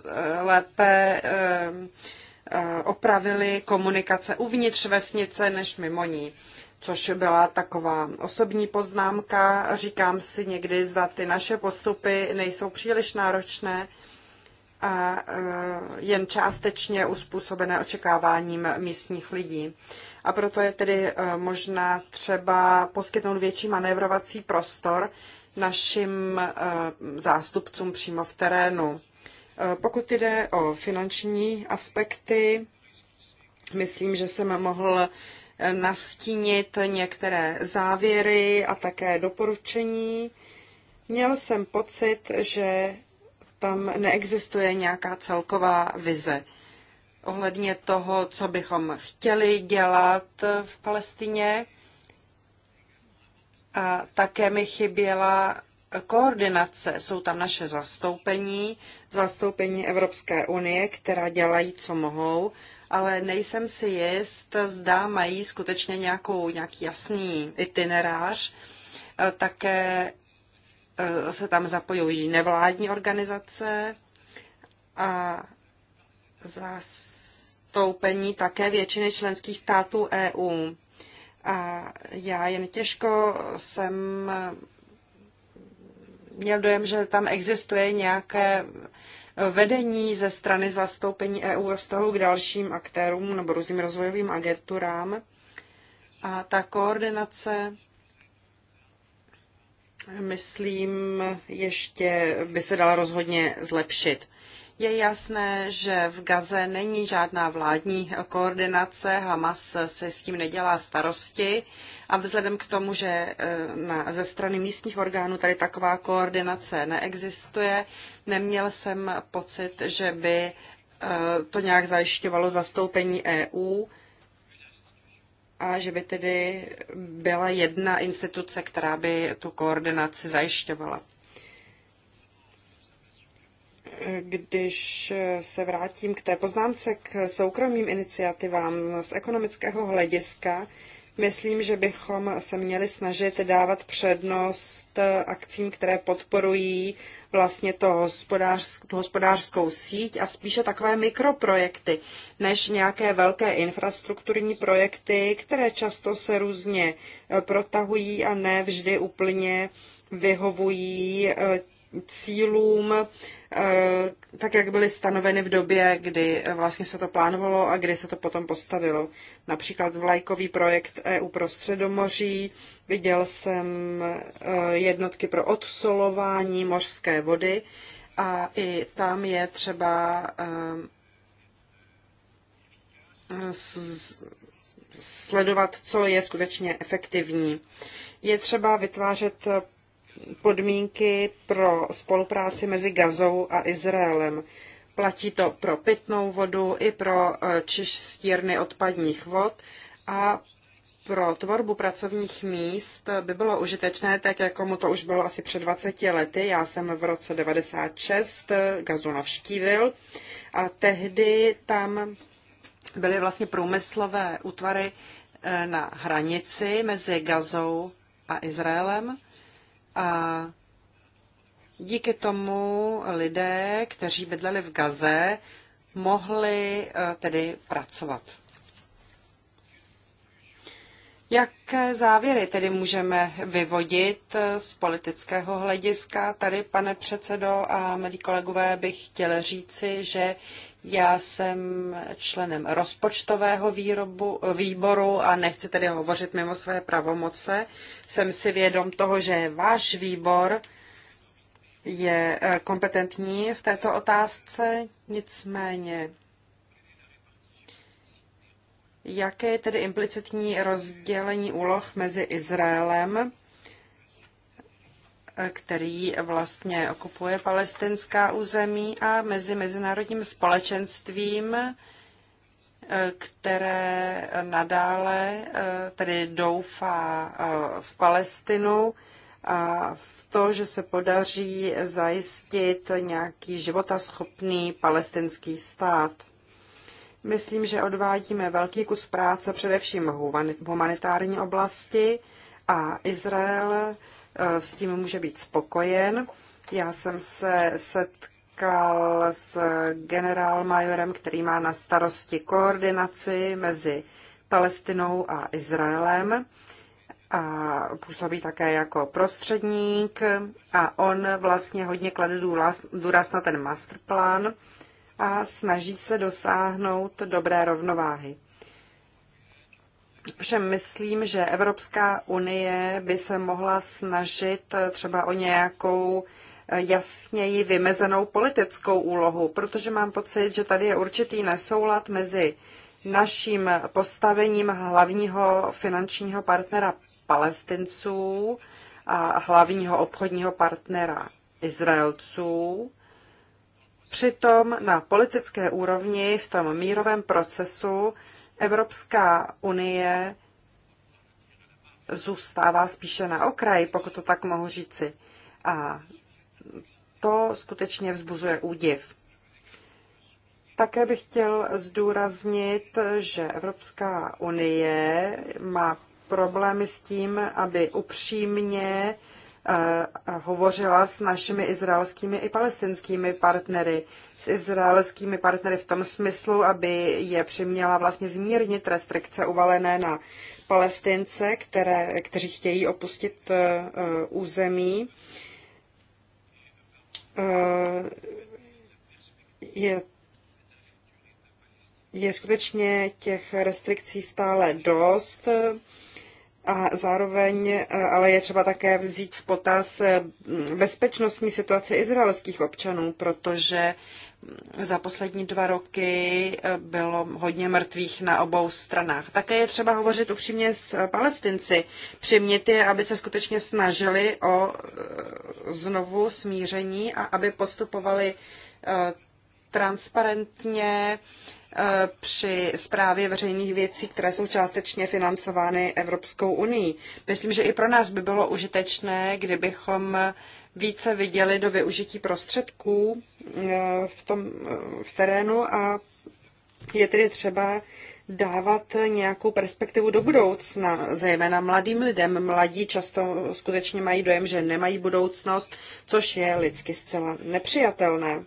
eh, lépe eh, Eh, opravili komunikace uvnitř vesnice než mimo ní. Což byla taková osobní poznámka. Říkám si někdy, zda ty naše postupy nejsou příliš náročné a eh, jen částečně uspůsobené očekáváním místních lidí. A proto je tedy eh, možná třeba poskytnout větší manévrovací prostor našim zástupcům přímo v terénu. Eh, pokud jde o finanční aspekty, myslím, že jsem mohl eh, nastínit některé závěry a také doporučení. Měl jsem pocit, že tam neexistuje nějaká celková vize ohledně toho, co bychom chtěli dělat v Palestině. A také mi chyběla koordinace. Jsou tam naše zastoupení, zastoupení Evropské unie, která dělají, co mohou, ale nejsem si jist, zda mají skutečně nějakou, nějaký jasný itinerář. Eh, také eh, se tam zapojují nevládní organizace a zastoupení také většiny členských států EU. A já jen těžko jsem měl dojem, že tam existuje nějaké vedení ze strany zastoupení EU ve vztahu k dalším aktérům nebo různým rozvojovým agenturám. A ta koordinace, myslím, ještě by se dala rozhodně zlepšit. Je jasné, že v Gaze není žádná vládní koordinace, Hamas se s tím nedělá starosti a vzhledem k tomu, že eh, na, ze strany místních orgánů tady taková koordinace neexistuje, neměl jsem pocit, že by eh, to nějak zajišťovalo zastoupení EU a že by tedy byla jedna instituce, která by tu koordinaci zajišťovala když se vrátím k té poznámce k soukromým iniciativám z ekonomického hlediska, myslím, že bychom se měli snažit dávat přednost akcím, které podporují vlastně to hospodářsk, tu hospodářskou síť a spíše takové mikroprojekty, než nějaké velké infrastrukturní projekty, které často se různě protahují a ne vždy úplně vyhovují eh, cílům, eh, tak jak byly stanoveny v době, kdy vlastně se to plánovalo a kdy se to potom postavilo. Například vlajkový projekt EU pro středomoří, viděl jsem eh, jednotky pro odsolování mořské vody a i tam je třeba eh, sledovat, co je skutečně efektivní. Je třeba vytvářet podmínky pro spolupráci mezi Gazou a Izraelem. Platí to pro pitnou vodu i pro e, čistírny odpadních vod a pro tvorbu pracovních míst by bylo užitečné, tak jako mu to už bylo asi před 20 lety. Já jsem v roce 96 e, gazu navštívil a tehdy tam byly vlastně průmyslové útvary e, na hranici mezi Gazou a Izraelem. A díky tomu lidé, kteří bydleli v Gaze, mohli eh, tedy pracovat. Jaké závěry tedy můžeme vyvodit eh, z politického hlediska? Tady, pane předsedo a milí kolegové, bych chtěl říci, že já jsem členem rozpočtového výrobu, výboru a nechci tedy hovořit mimo své pravomoce. Jsem si vědom toho, že váš výbor je eh, kompetentní v této otázce, nicméně jaké je tedy implicitní rozdělení úloh mezi Izraelem který vlastně okupuje palestinská území a mezi mezinárodním společenstvím, eh, které nadále eh, tedy doufá eh, v Palestinu a v to, že se podaří zajistit nějaký životaschopný palestinský stát. Myslím, že odvádíme velký kus práce především v humanitární oblasti a Izrael Eh, s tím může být spokojen. Já jsem se setkal s generálmajorem, který má na starosti koordinaci mezi Palestinou a Izraelem a působí také jako prostředník a on vlastně hodně klade důraz na ten masterplan a snaží se dosáhnout dobré rovnováhy. Všem myslím, že Evropská unie by se mohla snažit eh, třeba o nějakou eh, jasněji vymezenou politickou úlohu, protože mám pocit, že tady je určitý nesoulad mezi naším postavením hlavního finančního partnera palestinců a hlavního obchodního partnera Izraelců. Přitom na politické úrovni v tom mírovém procesu Evropská unie zůstává spíše na okraji, pokud to tak mohu říci. A to skutečně vzbuzuje údiv. Také bych chtěl zdůraznit, že Evropská unie má problémy s tím, aby upřímně hovořila s našimi izraelskými i palestinskými partnery. S izraelskými partnery v tom smyslu, aby je přiměla vlastně zmírnit restrikce uvalené na palestince, které, kteří chtějí opustit e, území. E, je je skutečně těch restrikcí stále dost a zároveň e, ale je třeba také vzít v potaz e, bezpečnostní situace izraelských občanů, protože za poslední dva roky e, bylo hodně mrtvých na obou stranách. Také je třeba hovořit upřímně s palestinci, přimět je, aby se skutečně snažili o znovu smíření a aby postupovali transparentně eh, při zprávě veřejných věcí, které jsou částečně financovány Evropskou unii. Myslím, že i pro nás by bylo užitečné, kdybychom více viděli do využití prostředků eh, v, tom, eh, v terénu a je tedy třeba dávat nějakou perspektivu do budoucna, zejména mladým lidem. Mladí často skutečně mají dojem, že nemají budoucnost, což je lidsky zcela nepřijatelné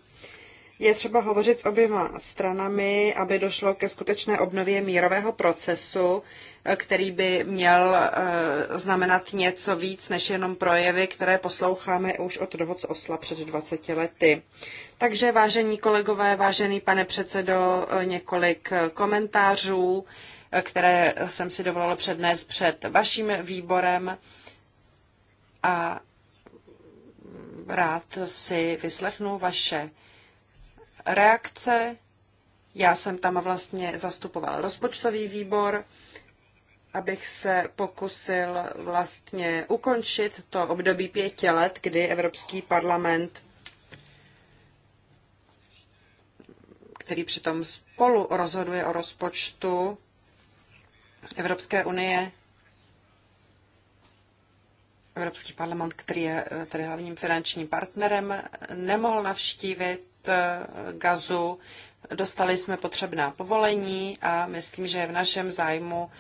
je třeba hovořit s oběma stranami, aby došlo ke skutečné obnově mírového procesu, eh, který by měl eh, znamenat něco víc než jenom projevy, které posloucháme už od dohod z Osla před 20 lety. Takže vážení kolegové, vážený pane předsedo, eh, několik komentářů, které jsem si dovolila přednést před vaším výborem a rád si vyslechnu vaše reakce. Já jsem tam vlastně zastupoval rozpočtový výbor, abych se pokusil vlastně ukončit to období pěti let, kdy Evropský parlament, který přitom spolu rozhoduje o rozpočtu Evropské unie, Evropský parlament, který je eh, tedy hlavním finančním partnerem, nemohl navštívit gazu. Dostali jsme potřebná povolení a myslím, že je v našem zájmu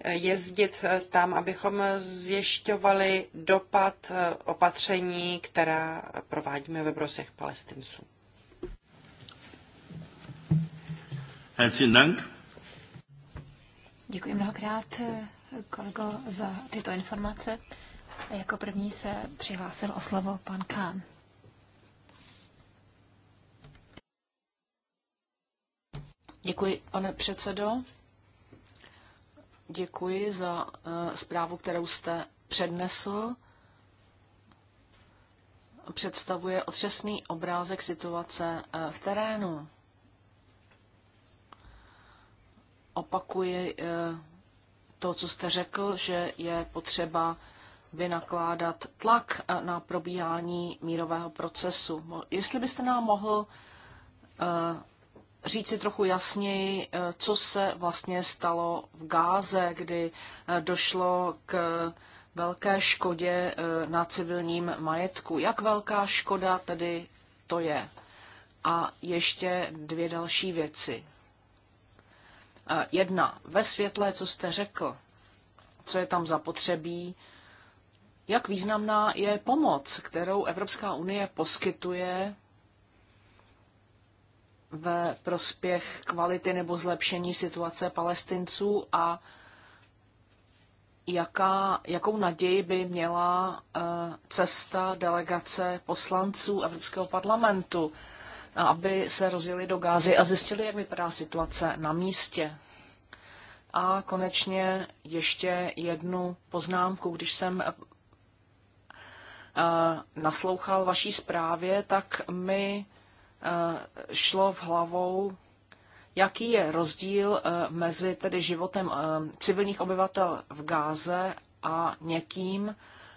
eh, jezdit eh, tam, abychom zjišťovali dopad eh, opatření, která provádíme ve prospěch palestinců. Herzlichen Dank. Děkuji mnohokrát, kolego, za tyto informace. Jako první se přihlásil o slovo pan Kán. Děkuji, pane předsedo. Děkuji za eh, zprávu, kterou jste přednesl. Představuje otřesný obrázek situace eh, v terénu. Opakuji eh, to, co jste řekl, že je potřeba vynakládat tlak na probíhání mírového procesu. Jestli byste nám mohl říci trochu jasněji, eh, co se vlastně stalo v Gáze, kdy eh, došlo k eh, velké škodě na civilním majetku. Jak velká škoda tedy to je? A ještě dvě další věci. Jedna, ve světle, co jste řekl, co je tam zapotřebí, jak významná je pomoc, kterou Evropská unie poskytuje ve prospěch kvality nebo zlepšení situace palestinců a jaká, jakou naději by měla eh, cesta delegace poslanců Evropského parlamentu, eh, aby se rozjeli do Gázy a zjistili, jak vypadá situace na místě. A konečně ještě jednu poznámku. Když jsem eh, naslouchal vaší zprávě, tak mi my Eh, šlo v hlavou, jaký je rozdíl eh, mezi tedy životem eh, civilních obyvatel v Gáze a někým,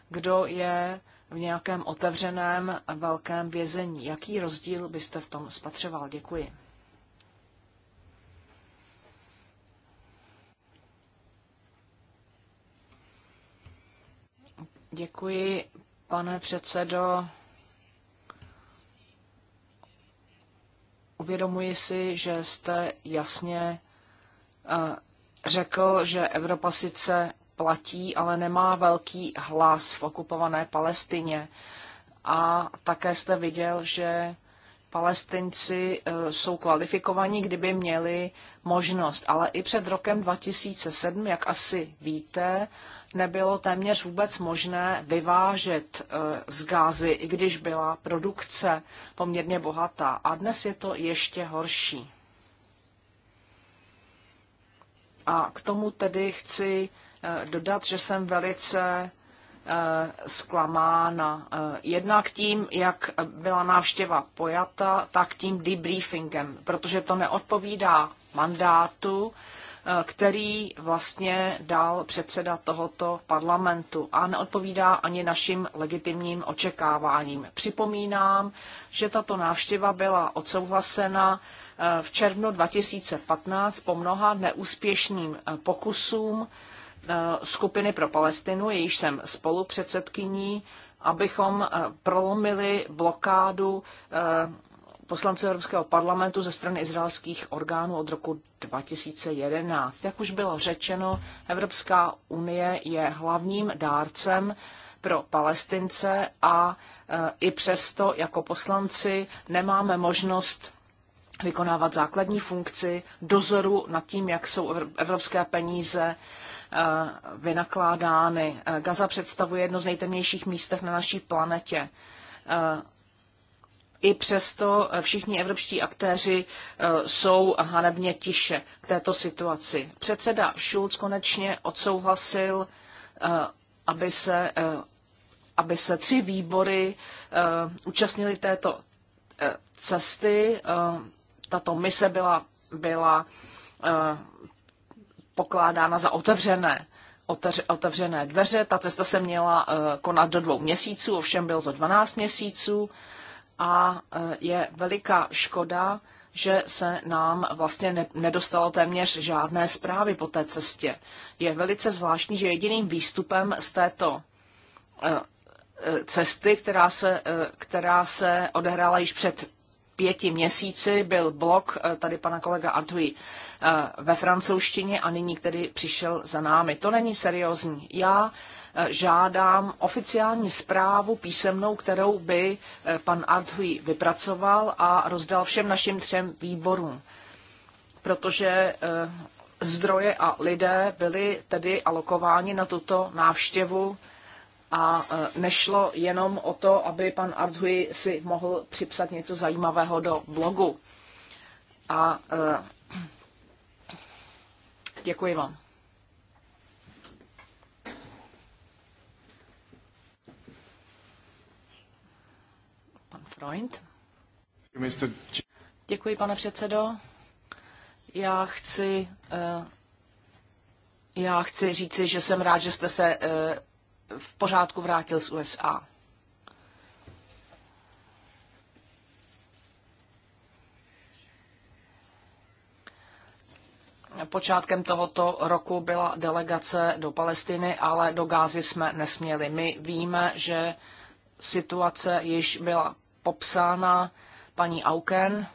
kdo je v nějakém otevřeném velkém vězení. Jaký rozdíl byste v tom spatřoval? Děkuji. Děkuji, pane předsedo. Uvědomuji si, že jste jasně eh, řekl, že Evropa sice platí, ale nemá velký hlas v okupované Palestině. A také jste viděl, že Palestinci eh, jsou kvalifikovaní, kdyby měli možnost. Ale i před rokem 2007, jak asi víte, nebylo téměř vůbec možné vyvážet eh, z gázy, i když byla produkce poměrně bohatá. A dnes je to ještě horší. A k tomu tedy chci eh, dodat, že jsem velice Eh, zklamána. Eh, jednak tím, jak byla návštěva pojata, tak tím debriefingem, protože to neodpovídá mandátu, eh, který vlastně dal předseda tohoto parlamentu a neodpovídá ani našim legitimním očekáváním. Připomínám, že tato návštěva byla odsouhlasena v červnu 2015 po mnoha neúspěšným pokusům Eh, skupiny pro Palestinu, jejíž jsem spolupředsedkyní, abychom eh, prolomili blokádu eh, poslanců Evropského parlamentu ze strany izraelských orgánů od roku 2011. Jak už bylo řečeno, Evropská unie je hlavním dárcem pro Palestince a i přesto jako poslanci nemáme možnost vykonávat základní funkci dozoru nad tím, jak jsou evropské peníze Eh, vynakládány. Eh, Gaza představuje jedno z nejtemnějších místech na naší planetě. Eh, I přesto všichni evropští aktéři jsou hanebně tiše k této situaci. Předseda Schulz konečně odsouhlasil, aby se, aby se tři výbory účastnili této cesty. Tato mise byla, byla pokládána za otevřené otevřené dveře. Ta cesta se měla eh, konat do dvou měsíců, ovšem bylo to 12 měsíců a eh, je veliká škoda, že se nám vlastně nedostalo téměř žádné zprávy po té cestě. Je velice zvláštní, že jediným výstupem z této eh, cesty, která se, která se odehrála již před pěti měsíci byl blog eh, tady pana kolega Artui eh, ve francouzštině a nyní tedy přišel za námi. To není seriózní. Já eh, žádám oficiální zprávu písemnou, kterou by pan Artui vypracoval a rozdal všem našim třem výborům. Protože zdroje a lidé byli tedy alokováni na tuto návštěvu a e, nešlo jenom o to, aby pan Ardhui si mohl připsat něco zajímavého do blogu. A e, děkuji vám. Pan Freund. Děkuji, pane předsedo. Já chci, e, já chci říci, že jsem rád, že jste se v pořádku vrátil z USA. Počátkem tohoto roku byla delegace do Palestiny, ale do Gázy jsme nesměli. My víme, že situace již byla popsána paní Auken.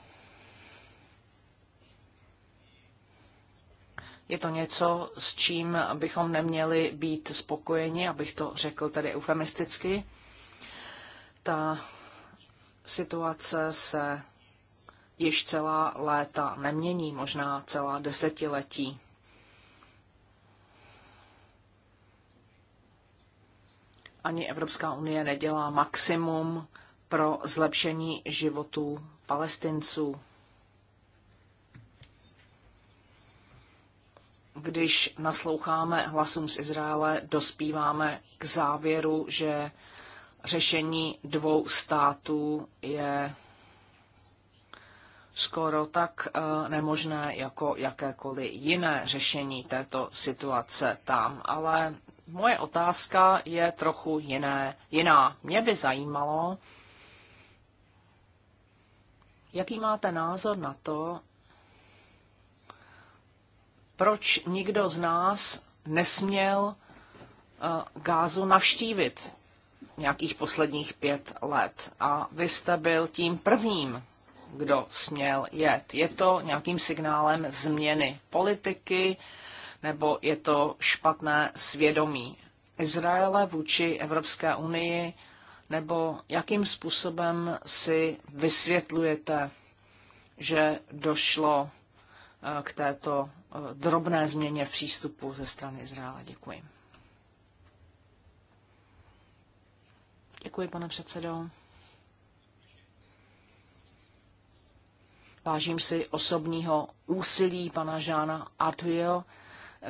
Je to něco, s čím bychom neměli být spokojeni, abych to řekl tedy eufemisticky. Ta situace se již celá léta nemění, možná celá desetiletí. Ani Evropská unie nedělá maximum pro zlepšení životů palestinců. když nasloucháme hlasům z Izraele, dospíváme k závěru, že řešení dvou států je skoro tak eh, nemožné jako jakékoliv jiné řešení této situace tam. Ale moje otázka je trochu jiné, jiná. Mě by zajímalo, jaký máte názor na to, proč nikdo z nás nesměl eh, Gázu navštívit nějakých posledních pět let. A vy jste byl tím prvním, kdo směl jet. Je to nějakým signálem změny politiky, nebo je to špatné svědomí Izraele vůči Evropské unii, nebo jakým způsobem si vysvětlujete, že došlo eh, k této drobné změně v přístupu ze strany Izraele. Děkuji. Děkuji, pane předsedo. Vážím si osobního úsilí pana Žána Artuio,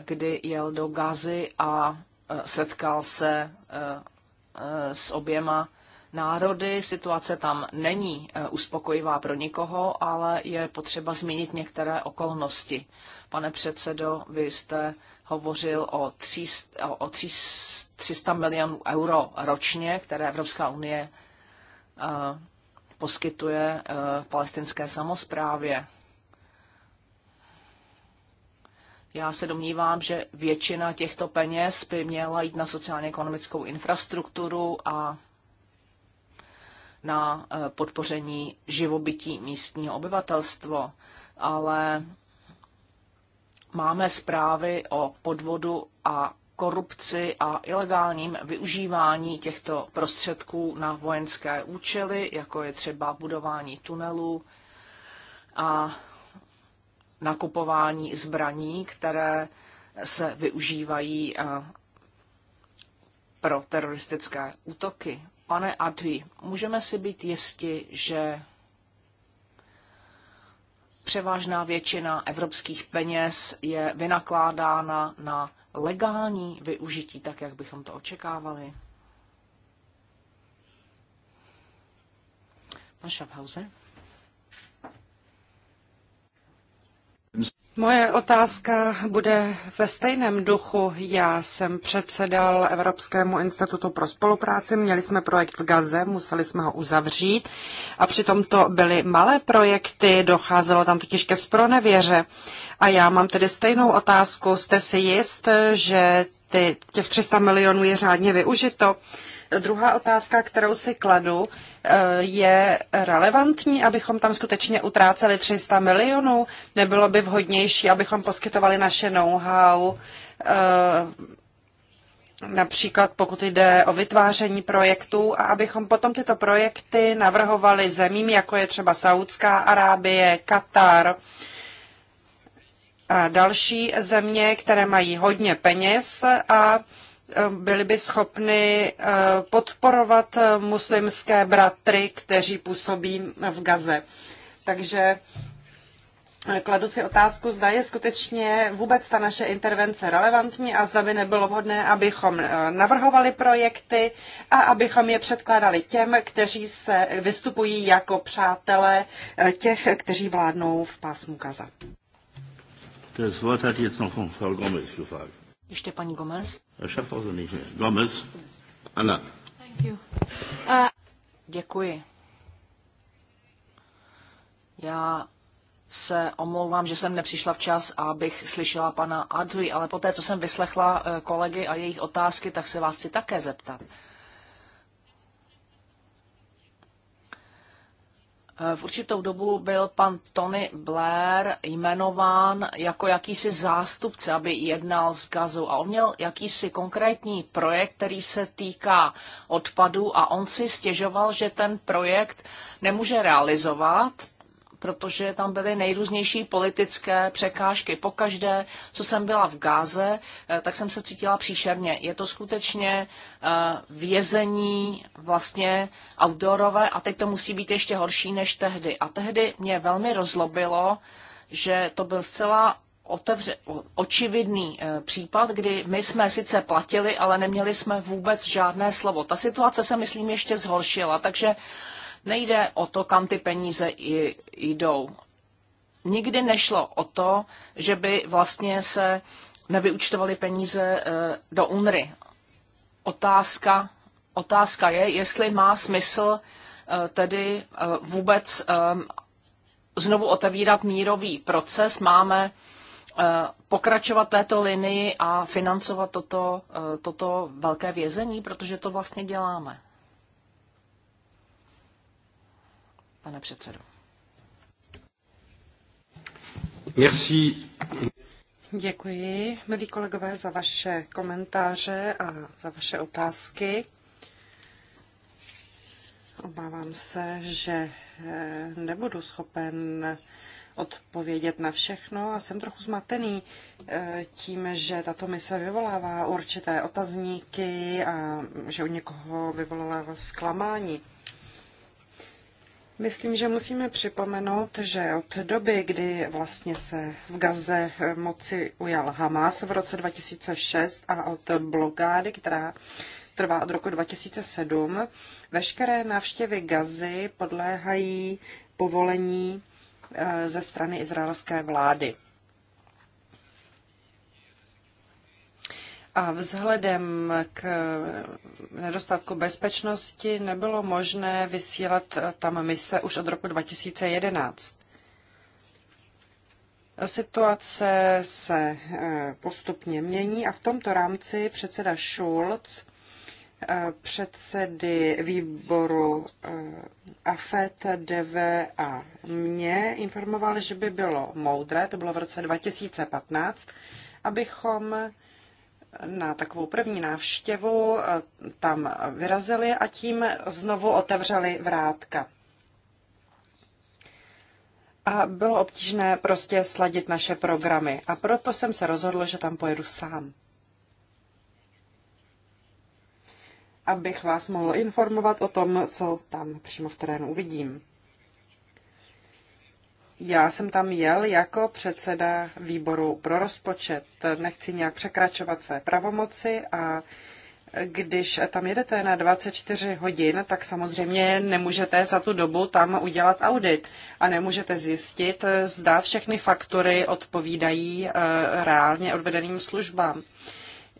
kdy jel do Gazy a e, setkal se e, e, s oběma národy. Situace tam není eh, uspokojivá pro nikoho, ale je potřeba zmínit některé okolnosti. Pane předsedo, vy jste hovořil o 300, o 300 milionů euro ročně, které Evropská unie eh, poskytuje eh, palestinské samozprávě. Já se domnívám, že většina těchto peněz by měla jít na sociálně-ekonomickou infrastrukturu a na eh, podpoření živobytí místního obyvatelstvo, ale máme zprávy o podvodu a korupci a ilegálním využívání těchto prostředků na vojenské účely, jako je třeba budování tunelů a nakupování zbraní, které se využívají eh, pro teroristické útoky. Pane Advi, můžeme si být jisti, že převážná většina evropských peněz je vynakládána na legální využití, tak jak bychom to očekávali? Pan Schaffhauser? Moje otázka bude ve stejném duchu. Já jsem předsedal Evropskému institutu pro spolupráci, měli jsme projekt v Gaze, museli jsme ho uzavřít a přitom to byly malé projekty, docházelo tam totiž ke spronevěře. A já mám tedy stejnou otázku, jste si jist, že ty, těch 300 milionů je řádně využito? Druhá otázka, kterou si kladu, je relevantní, abychom tam skutečně utráceli 300 milionů? Nebylo by vhodnější, abychom poskytovali naše know-how, eh, například pokud jde o vytváření projektů a abychom potom tyto projekty navrhovali zemím, jako je třeba Saudská Arábie, Katar, a další země, které mají hodně peněz a Eh, byly by schopny eh, podporovat eh, muslimské bratry, kteří působí v Gaze. Takže kladu si otázku, zda je skutečně vůbec ta naše intervence relevantní a zda by nebylo vhodné, abychom navrhovali projekty a abychom je předkládali těm, kteří se vystupují jako přátelé těch, kteří vládnou v pásmu Gaza. Das Wort hat jetzt noch von Frau Gomez gefragt. Ještě paní Gomez. Gomez. Anna. Uh, děkuji. Já se omlouvám, že jsem nepřišla včas, abych slyšela pana Adry, ale po té, co jsem vyslechla eh, kolegy a jejich otázky, tak se vás chci také zeptat. V určitou dobu byl pan Tony Blair jmenován jako jakýsi zástupce, aby jednal s gazou. A on měl jakýsi konkrétní projekt, který se týká odpadu a on si stěžoval, že ten projekt nemůže realizovat, protože tam byly nejrůznější politické překážky. Pokaždé, co jsem byla v Gáze, eh, tak jsem se cítila příšerně. Je to skutečně eh, vězení vlastně outdoorové a teď to musí být ještě horší než tehdy. A tehdy mě velmi rozlobilo, že to byl zcela otevře, očividný eh, případ, kdy my jsme sice platili, ale neměli jsme vůbec žádné slovo. Ta situace se, myslím, ještě zhoršila, takže Nejde o to, kam ty peníze jdou. Nikdy nešlo o to, že by vlastně se nevyučtovaly peníze eh, do UNRY. Otázka, otázka je, jestli má smysl eh, tedy eh, vůbec znovu otevírat mírový proces. Máme pokračovat této linii a financovat toto, toto velké vězení, protože to vlastně děláme. pane předsedo. Merci. Děkuji, milí kolegové, za vaše komentáře a za vaše otázky. Obávám se, že eh, nebudu schopen odpovědět na všechno a jsem trochu zmatený eh, tím, že tato mise vyvolává určité otazníky a že u někoho vyvolává zklamání. Myslím, že musíme připomenout, že od doby, kdy vlastně se v Gaze eh, moci ujal Hamas v roce 2006 a od blokády, která trvá od roku 2007, veškeré návštěvy Gazy podléhají povolení eh, ze strany izraelské vlády. a vzhledem k nedostatku bezpečnosti nebylo možné vysílat tam mise už od roku 2011. Situace se eh, postupně mění a v tomto rámci předseda Schulz eh, předsedy výboru eh, AFET, DV a mě informoval, že by bylo moudré, to bylo v roce 2015, abychom na takovou první návštěvu, eh, tam vyrazili a tím znovu otevřeli vrátka. A bylo obtížné prostě sladit naše programy. A proto jsem se rozhodl, že tam pojedu sám. Abych vás mohl informovat o tom, co tam přímo v terénu uvidím. Já jsem tam jel jako předseda výboru pro rozpočet. Nechci nějak překračovat své pravomoci a když tam jedete na 24 hodin, tak samozřejmě nemůžete za tu dobu tam udělat audit a nemůžete zjistit, zda všechny faktory odpovídají eh, reálně odvedeným službám.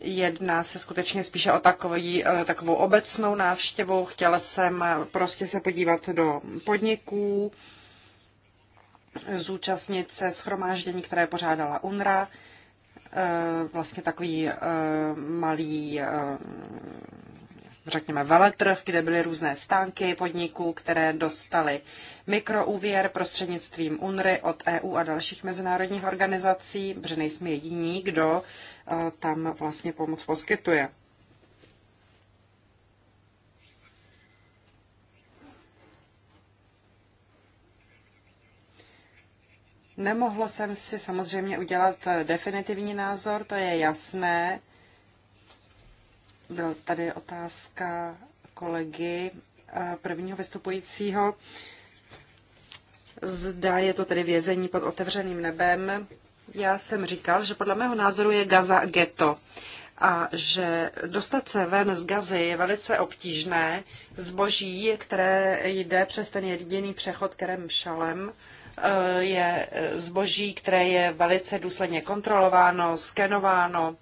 Jedná se skutečně spíše o takový, eh, takovou obecnou návštěvu. Chtěla jsem eh, prostě se podívat do podniků, zúčastnit se schromáždění, které pořádala UNRA, eh, vlastně takový eh, malý, eh, řekněme, veletrh, kde byly různé stánky podniků, které dostaly mikroúvěr prostřednictvím UNRY od EU a dalších mezinárodních organizací, protože nejsme jediní, kdo tam vlastně pomoc poskytuje. Nemohla jsem si samozřejmě udělat eh, definitivní názor, to je jasné. Byla tady otázka kolegy eh, prvního vystupujícího. Zda je to tedy vězení pod otevřeným nebem. Já jsem říkal, že podle mého názoru je Gaza ghetto a že dostat se ven z Gazy je velice obtížné. Zboží, které jde přes ten jediný přechod kterým Šalem, Eh, je eh, zboží, které je velice důsledně kontrolováno, skenováno.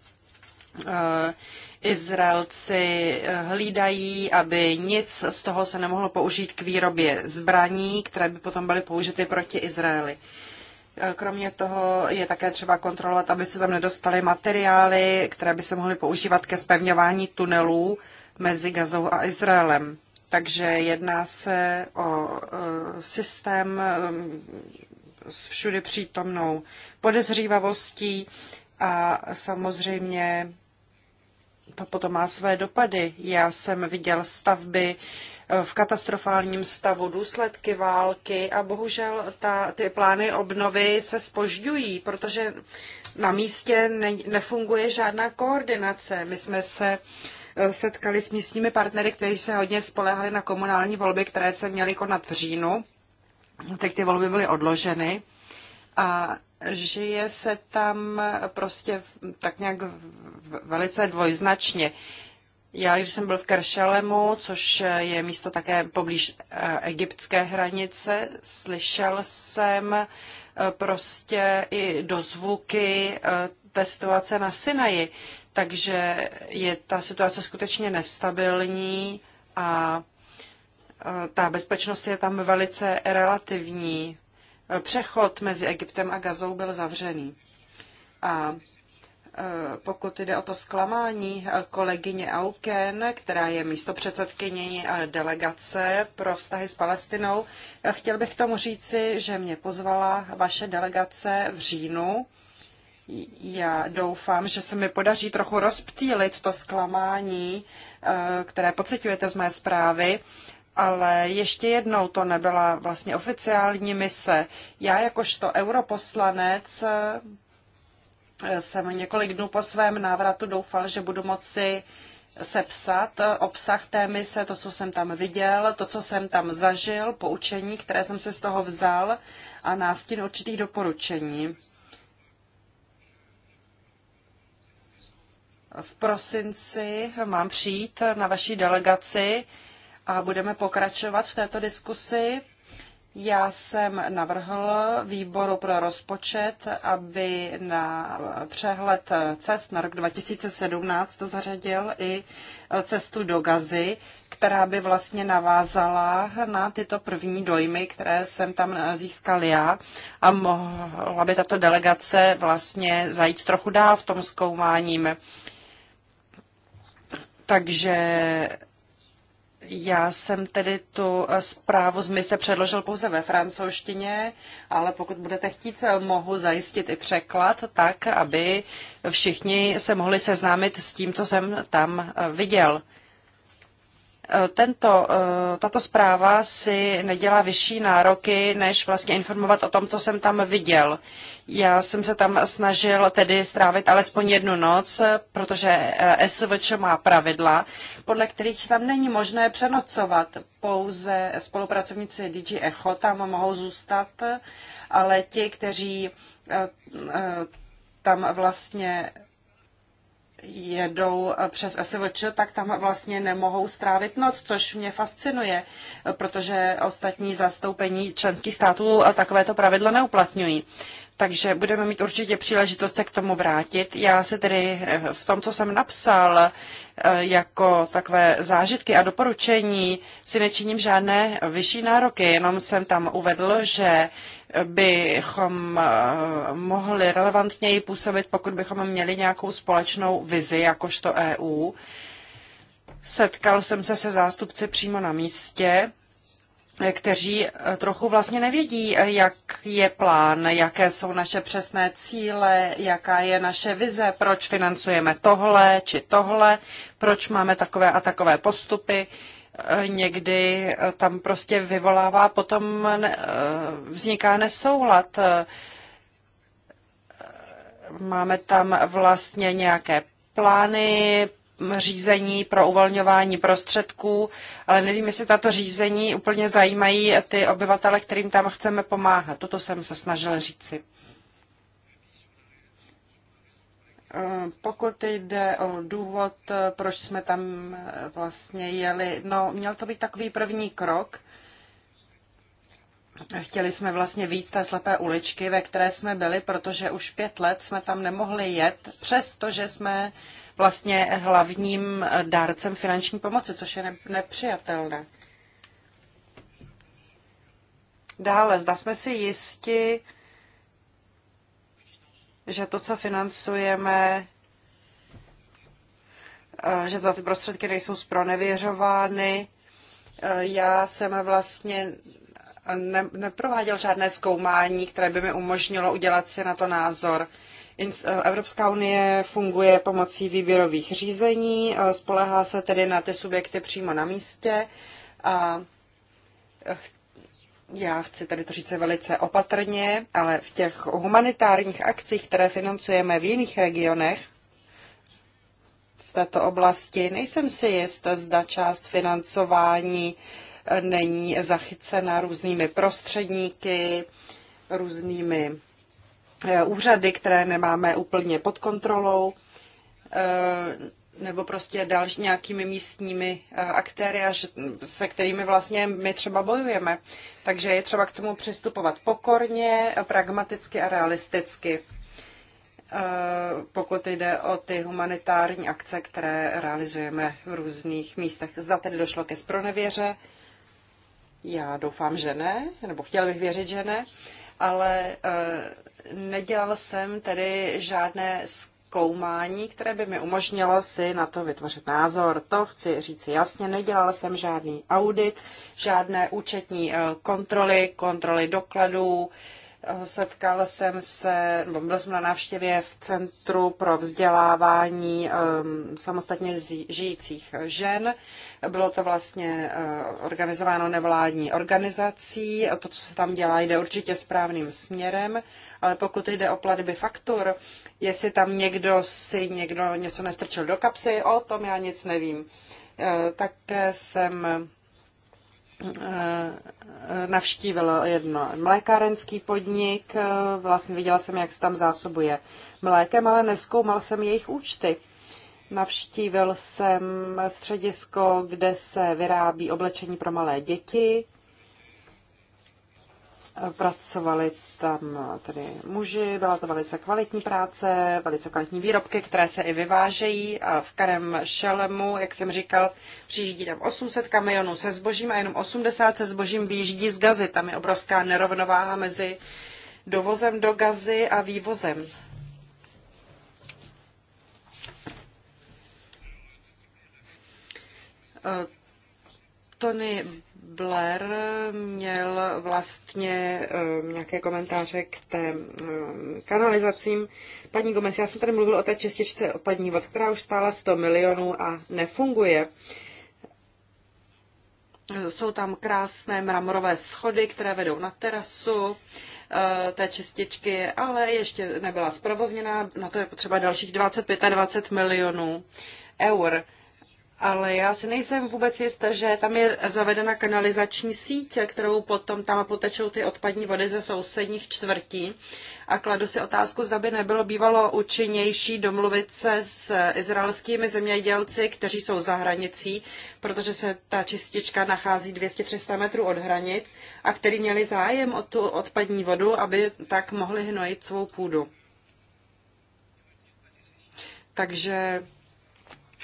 Eh, Izraelci hlídají, aby nic z toho se nemohlo použít k výrobě zbraní, které by potom byly použity proti Izraeli. Kromě toho je také třeba kontrolovat, aby se tam nedostaly materiály, které by se mohly používat ke spevňování tunelů mezi Gazou a Izraelem. Takže jedná se o e, systém e, s všudy přítomnou podezřívavostí a samozřejmě to potom má své dopady. Já jsem viděl stavby e, v katastrofálním stavu, důsledky války a bohužel ta, ty plány obnovy se spožďují, protože na místě ne, nefunguje žádná koordinace. My jsme se uh, Eh, setkali s místními partnery, kteří se hodně spolehali na komunální volby, které se měly konat v říjnu. Teď ty volby byly odloženy a žije se tam prostě tak nějak velice dvojznačně. Já, když jsem byl v Keršelemu, což je místo také poblíž eh, egyptské hranice, slyšel jsem eh, prostě i dozvuky té situace na Sinaji. Takže je ta situace skutečně nestabilní a ta bezpečnost je tam velice relativní. Přechod mezi Egyptem a Gazou byl zavřený. A pokud jde o to zklamání kolegyně Auken, která je místopředsedkyní delegace pro vztahy s Palestinou, chtěl bych k tomu říci, že mě pozvala vaše delegace v říjnu já doufám, že se mi podaří trochu rozptýlit to zklamání, eh, které pocitujete z mé zprávy, ale ještě jednou to nebyla vlastně oficiální mise. Já jakožto europoslanec eh, jsem několik dnů po svém návratu doufal, že budu moci sepsat eh, obsah té mise, to, co jsem tam viděl, to, co jsem tam zažil, poučení, které jsem se z toho vzal a nástin určitých doporučení. v prosinci mám přijít na vaší delegaci a budeme pokračovat v této diskusi. Já jsem navrhl výboru pro rozpočet, aby na přehled cest na rok 2017 zařadil i cestu do Gazy, která by vlastně navázala na tyto první dojmy, které jsem tam získal já a mohla by tato delegace vlastně zajít trochu dál v tom zkoumáním takže já jsem tedy tu zprávu z mise předložil pouze ve francouzštině, ale pokud budete chtít, mohu zajistit i překlad tak, aby všichni se mohli seznámit s tím, co jsem tam viděl. Eh, tento, eh, tato zpráva si nedělá vyšší nároky, než vlastně informovat o tom, co jsem tam viděl. Já jsem se tam snažil tedy strávit alespoň jednu noc, protože eh, SVČ má pravidla, podle kterých tam není možné přenocovat. Pouze spolupracovníci DG Echo tam mohou zůstat, ale ti, kteří tam vlastně jedou přes SVČ, tak tam vlastně nemohou strávit noc, což mě fascinuje, protože ostatní zastoupení členských států takovéto pravidlo neuplatňují. Takže budeme mít určitě příležitost se k tomu vrátit. Já se tedy eh, v tom, co jsem napsal, eh, jako takové zážitky a doporučení, si nečiním žádné vyšší nároky, jenom jsem tam uvedl, že bychom eh, mohli relevantněji působit, pokud bychom měli nějakou společnou vizi, jakožto EU. Setkal jsem se se zástupci přímo na místě kteří eh, trochu vlastně nevědí, eh, jak je plán, jaké jsou naše přesné cíle, jaká je naše vize, proč financujeme tohle či tohle, proč máme takové a takové postupy. Eh, někdy tam prostě vyvolává, potom vzniká nesoulad. Máme tam vlastně nějaké plány, řízení pro uvolňování prostředků, ale nevím, jestli tato řízení úplně zajímají ty obyvatele, kterým tam chceme pomáhat. Toto jsem se snažil říci. Eh, pokud jde o důvod, eh, proč jsme tam eh, vlastně jeli, no měl to být takový první krok, Chtěli jsme vlastně víc té slepé uličky, ve které jsme byli, protože už pět let jsme tam nemohli jet, přestože jsme vlastně hlavním dárcem finanční pomoci, což je nepřijatelné. Dále, zda jsme si jisti, že to, co financujeme, eh, že to ty prostředky nejsou zpronevěřovány. Eh, já jsem vlastně ne, neprováděl žádné zkoumání, které by mi umožnilo udělat si na to názor. Eh, Evropská unie funguje pomocí výběrových řízení, eh, spolehá se tedy na ty subjekty přímo na místě a eh, já chci tady to říct velice opatrně, ale v těch humanitárních akcích, které financujeme v jiných regionech, v této oblasti, nejsem si jist, zda část financování uh, není zachycena různými prostředníky, různými eh, úřady, které nemáme úplně pod kontrolou, eh, nebo prostě další nějakými místními eh, aktéry, se kterými vlastně my třeba bojujeme. Takže je třeba k tomu přistupovat pokorně, pragmaticky a realisticky pokud jde o ty humanitární akce, které realizujeme v různých místech. Zda tedy došlo ke spronevěře, já doufám, že ne, nebo chtěl bych věřit, že ne, ale eh, nedělal jsem tedy žádné zkoumání, které by mi umožnilo si na to vytvořit názor. To chci říct jasně, nedělal jsem žádný audit, žádné účetní eh, kontroly, kontroly dokladů, Eh, setkal jsem se, nebo byl jsem na návštěvě v Centru pro vzdělávání ehm, samostatně žijících žen. Bylo to vlastně eh, organizováno nevládní organizací. To, co se tam dělá, jde určitě správným směrem, ale pokud jde o platby faktur, jestli tam někdo si někdo něco nestrčil do kapsy, o tom já nic nevím. Eh, také jsem Eh, navštívil jedno mlékárenský podnik, eh, vlastně viděla jsem, jak se tam zásobuje mlékem, ale neskoumal jsem jejich účty. Navštívil jsem středisko, kde se vyrábí oblečení pro malé děti Pracovali tam tedy muži, byla to velice kvalitní práce, velice kvalitní výrobky, které se i vyvážejí. A v Karem Šelemu, jak jsem říkal, přijíždí tam 800 kamionů se zbožím a jenom 80 se zbožím výjíždí z gazy. Tam je obrovská nerovnováha mezi dovozem do gazy a vývozem. Eh, Tony Blair měl vlastně eh, nějaké komentáře k té eh, kanalizacím. Paní Gomez, já jsem tady mluvil o té čističce odpadní vod, která už stála 100 milionů a nefunguje. Jsou tam krásné mramorové schody, které vedou na terasu eh, té čističky, ale ještě nebyla zprovozněna. Na to je potřeba dalších 25 a 20 milionů eur ale já si nejsem vůbec jistá, že tam je zavedena kanalizační síť, kterou potom tam potečou ty odpadní vody ze sousedních čtvrtí. A kladu si otázku, zda by nebylo bývalo účinnější domluvit se s izraelskými zemědělci, kteří jsou za hranicí, protože se ta čistička nachází 200-300 metrů od hranic a který měli zájem o tu odpadní vodu, aby tak mohli hnojit svou půdu. Takže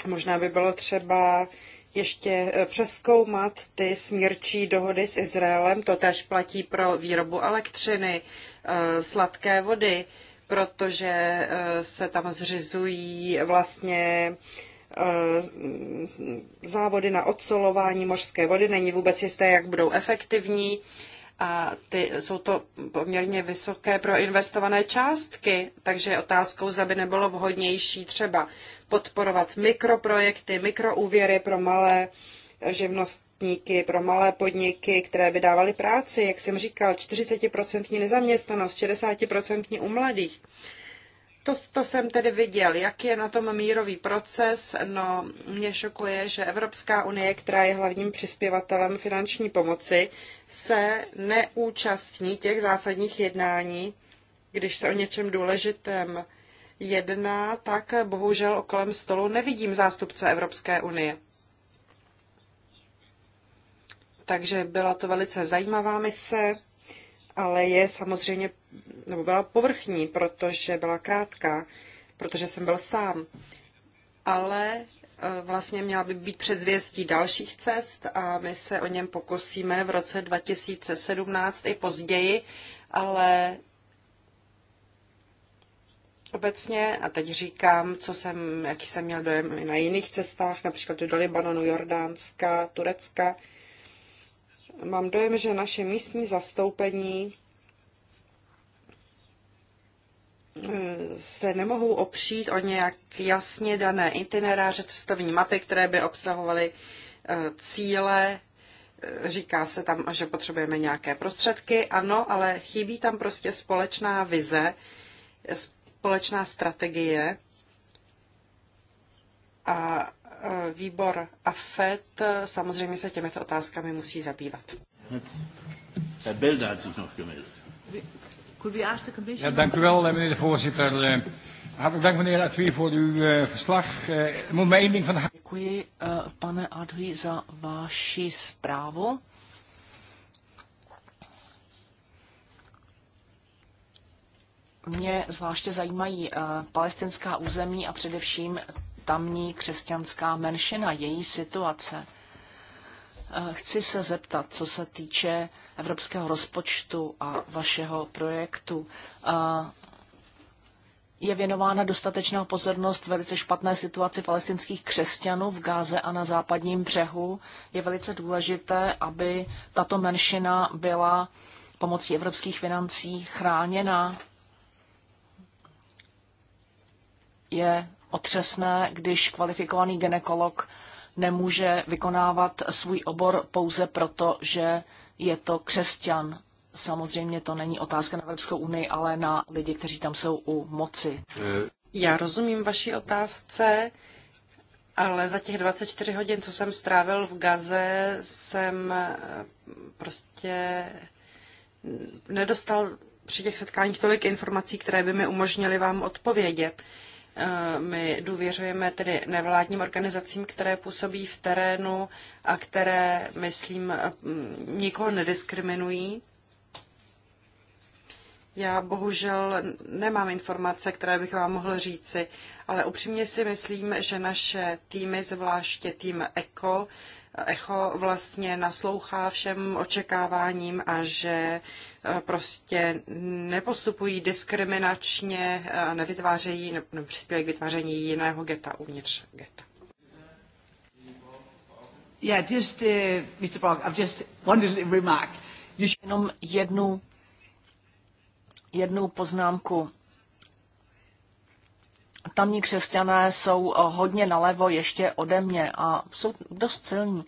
Možná by bylo třeba ještě eh, přeskoumat ty smírčí dohody s Izraelem. To tež platí pro výrobu elektřiny, eh, sladké vody, protože eh, se tam zřizují vlastně závody na odsolování mořské vody. Není vůbec jisté, jak budou efektivní a ty, jsou to poměrně vysoké pro investované částky, takže je otázkou, zda by nebylo vhodnější třeba podporovat mikroprojekty, mikroúvěry pro malé živnostníky, pro malé podniky, které by dávaly práci, jak jsem říkal, 40% nezaměstnanost, 60% u mladých. To, to jsem tedy viděl, jak je na tom mírový proces. No, mě šokuje, že Evropská unie, která je hlavním přispěvatelem finanční pomoci, se neúčastní těch zásadních jednání, když se o něčem důležitém jedná, tak bohužel kolem stolu nevidím zástupce Evropské unie. Takže byla to velice zajímavá mise, ale je samozřejmě nebo byla povrchní, protože byla krátká, protože jsem byl sám. Ale eh, vlastně měla by být předzvěstí dalších cest a my se o něm pokusíme v roce 2017 i později, ale obecně, a teď říkám, co jsem, jaký jsem měl dojem i na jiných cestách, například do Libanonu, Jordánska, Turecka, mám dojem, že naše místní zastoupení se nemohou opřít o nějak jasně dané itineráře, cestovní mapy, které by obsahovaly e, cíle. E, říká se tam, že potřebujeme nějaké prostředky, ano, ale chybí tam prostě společná vize, společná strategie. A e, výbor AFET samozřejmě se těmito otázkami musí zabývat. Herr Belda hat sich noch gemeldet. Could we ask the commission? Ja, dank u wel, eh, meneer de voorzitter. Eh, hartelijk dank, meneer Adrie, voor uw uh, verslag. Uh, moet maar één ding van... de Děkuji, uh, pane Adrie, voor uw verslag. Mě zvláště zajímají uh, palestinská území a především tamní křesťanská menšina, její situace. Uh, chci se zeptat, co se týče evropského rozpočtu a vašeho projektu je věnována dostatečná pozornost velice špatné situaci palestinských křesťanů v Gáze a na západním břehu. Je velice důležité, aby tato menšina byla pomocí evropských financí chráněna. Je otřesné, když kvalifikovaný ginekolog nemůže vykonávat svůj obor pouze proto, že je to křesťan. Samozřejmě to není otázka na Evropskou unii, ale na lidi, kteří tam jsou u moci. Já rozumím vaší otázce, ale za těch 24 hodin, co jsem strávil v Gaze, jsem eh, prostě nedostal při těch setkáních tolik informací, které by mi umožnily vám odpovědět. Eh, my důvěřujeme tedy nevládním organizacím, které působí v terénu a které, myslím, eh, mm, nikoho nediskriminují. Já bohužel nemám informace, které bych vám mohl říci, ale upřímně si myslím, že naše týmy, zvláště tým ECO, echo vlastně naslouchá všem očekáváním a že eh, prostě nepostupují diskriminačně a eh, nevytvářejí, nebo k vytváření jiného geta uvnitř geta. Yeah, just, uh, Mr. Brock, I've just one little remark. You should... Jenom jednu, jednu poznámku tamní křesťané jsou eh, hodně nalevo ještě ode mě a jsou dost silní.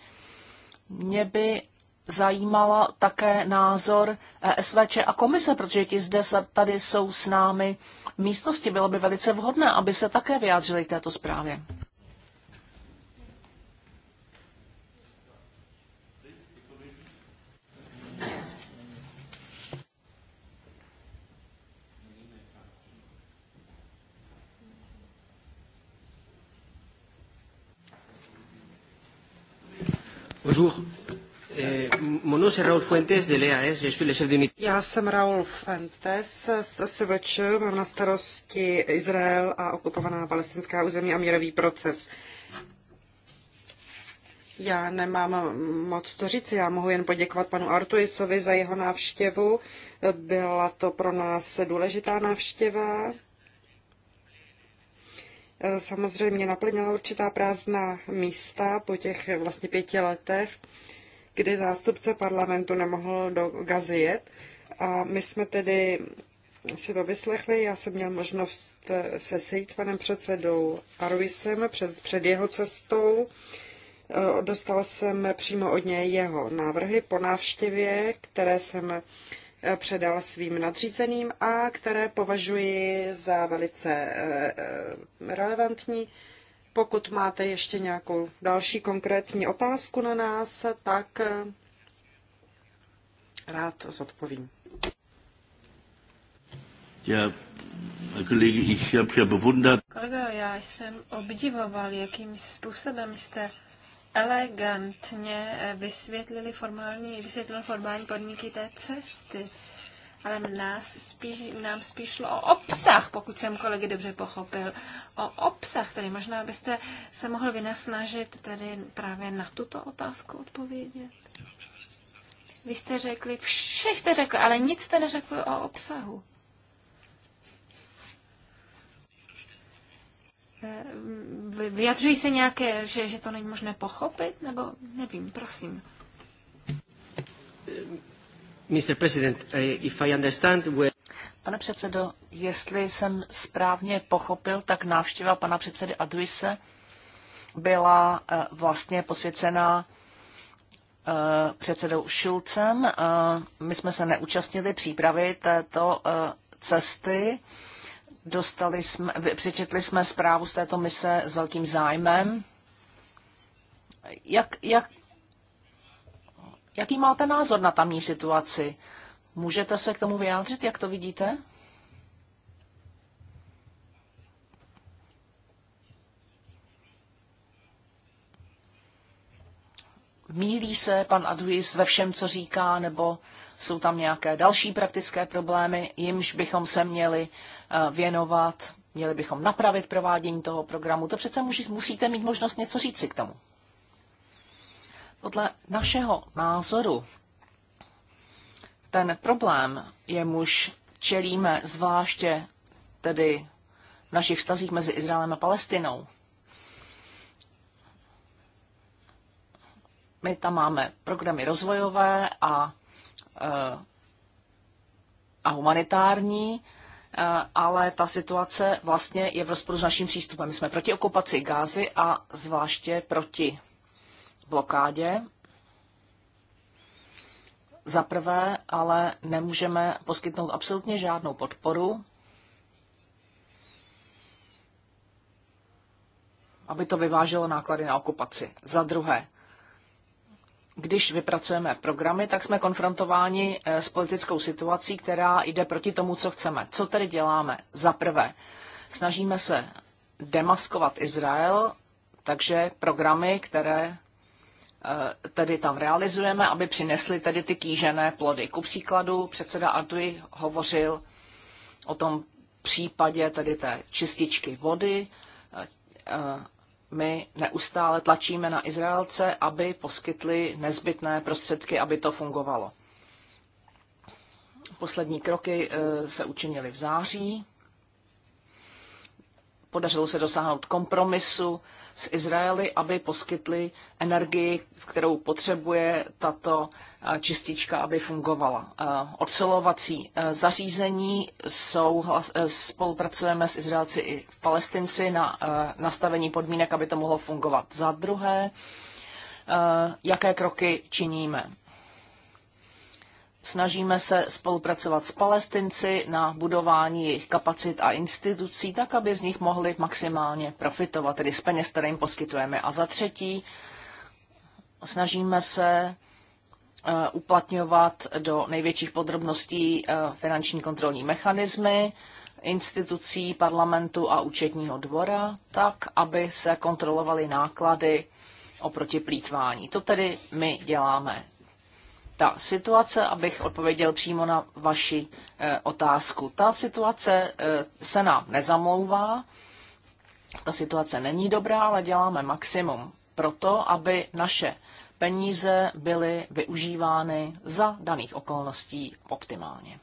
Mě by zajímala také názor eh, SVČ a komise, protože ti zde tady jsou s námi v místnosti. Bylo by velice vhodné, aby se také vyjádřili k této zprávě. Bonjour. Eh, Fuentes Já jsem Raul Fuentes z SVČ, mám na starosti Izrael a okupovaná palestinská území a mírový proces. Já nemám moc co říct, já mohu jen poděkovat panu Artuisovi za jeho návštěvu. Byla to pro nás důležitá návštěva samozřejmě naplnila určitá prázdná místa po těch vlastně pěti letech, kdy zástupce parlamentu nemohl do Gazy jet. A my jsme tedy si to vyslechli, já jsem měl možnost se sejít s panem předsedou Arvisem přes, před jeho cestou. Dostala jsem přímo od něj jeho návrhy po návštěvě, které jsem předal svým nadřízeným a které považuji za velice eh, eh, relevantní. Pokud máte ještě nějakou další konkrétní otázku na nás, tak eh, rád zodpovím. Já, kolegy, ich hab ja bewundert. Kolego, já jsem obdivoval, jakým způsobem jste elegantně eh, vysvětlili formální, vysvětlil formální podmínky té cesty. Ale nás spíš, nám spíš šlo o obsah, pokud jsem kolegy dobře pochopil. O obsah, tedy možná byste se mohl vynasnažit tedy právě na tuto otázku odpovědět. Vy jste řekli, vše jste řekli, ale nic jste neřekli o obsahu. Eh, vyjadřují se nějaké, že, že to není možné pochopit, nebo nevím, prosím. Mr. President, eh, if I understand where... Pane předsedo, jestli jsem správně pochopil, tak návštěva pana předsedy Aduise byla eh, vlastně posvěcená předsedou Šulcem. My jsme se neúčastnili přípravy této cesty. Dostali jsme, přečetli jsme zprávu z této mise s velkým zájmem. Jak, jak, jaký máte názor na tamní situaci? Můžete se k tomu vyjádřit, jak to vidíte? Mílí se pan Aduis ve všem, co říká, nebo jsou tam nějaké další praktické problémy, jimž bychom se měli eh, věnovat, měli bychom napravit provádění toho programu. To přece musíte mít možnost něco si k tomu. Podle našeho názoru ten problém, jemuž čelíme zvláště tedy v našich vztazích mezi Izraelem a Palestinou, My tam máme programy rozvojové a Eh, a humanitární, eh, ale ta situace vlastně je v rozporu s naším přístupem. Jsme proti okupaci Gázy a zvláště proti blokádě. Za prvé, ale nemůžeme poskytnout absolutně žádnou podporu, aby to vyváželo náklady na okupaci. Za druhé, když vypracujeme programy, tak jsme konfrontováni eh, s politickou situací, která jde proti tomu, co chceme. Co tedy děláme? Za prvé, snažíme se demaskovat Izrael, takže programy, které eh, tedy tam realizujeme, aby přinesly tedy ty kýžené plody. Ku příkladu předseda Artui hovořil o tom případě tedy té čističky vody, eh, my neustále tlačíme na Izraelce, aby poskytli nezbytné prostředky, aby to fungovalo. Poslední kroky eh, se učinily v září. Podařilo se dosáhnout kompromisu s Izraeli, aby poskytli energii, kterou potřebuje tato eh, čistička, aby fungovala. Eh, ocelovací eh, zařízení jsou, spolupracujeme s Izraelci i Palestinci na nastavení podmínek, aby to mohlo fungovat. Za druhé, jaké kroky činíme. Snažíme se spolupracovat s Palestinci na budování jejich kapacit a institucí, tak aby z nich mohli maximálně profitovat, tedy z peněz, které jim poskytujeme. A za třetí, snažíme se eh, uplatňovat do největších podrobností eh, finanční kontrolní mechanismy institucí parlamentu a účetního dvora, tak, aby se kontrolovaly náklady oproti plítvání. To tedy my děláme ta situace, abych odpověděl přímo na vaši eh, otázku. Ta situace eh, se nám nezamlouvá, ta situace není dobrá, ale děláme maximum pro to, aby naše peníze byly využívány za daných okolností optimálně.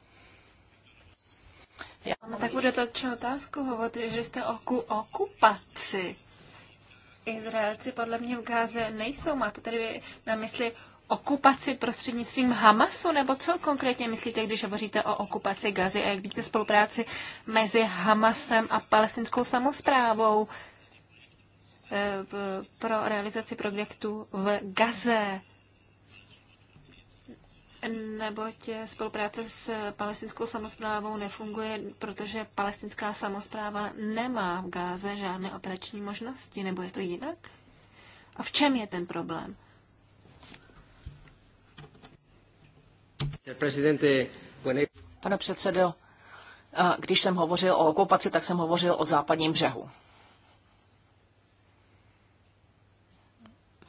Já no, tak bude to tři otázku hovořit, že jste o oku, okupaci. Izraelci podle mě v Gáze nejsou. Máte tedy na mysli okupaci prostřednictvím Hamasu? Nebo co konkrétně myslíte, když hovoříte o okupaci Gazy a jak vidíte spolupráci mezi Hamasem a palestinskou samozprávou eh, pro realizaci projektu v Gaze? Neboť spolupráce s palestinskou samozprávou nefunguje, protože palestinská samozpráva nemá v Gáze žádné operační možnosti, nebo je to jinak? A v čem je ten problém? Pane předsedo, když jsem hovořil o okupaci, tak jsem hovořil o západním břehu.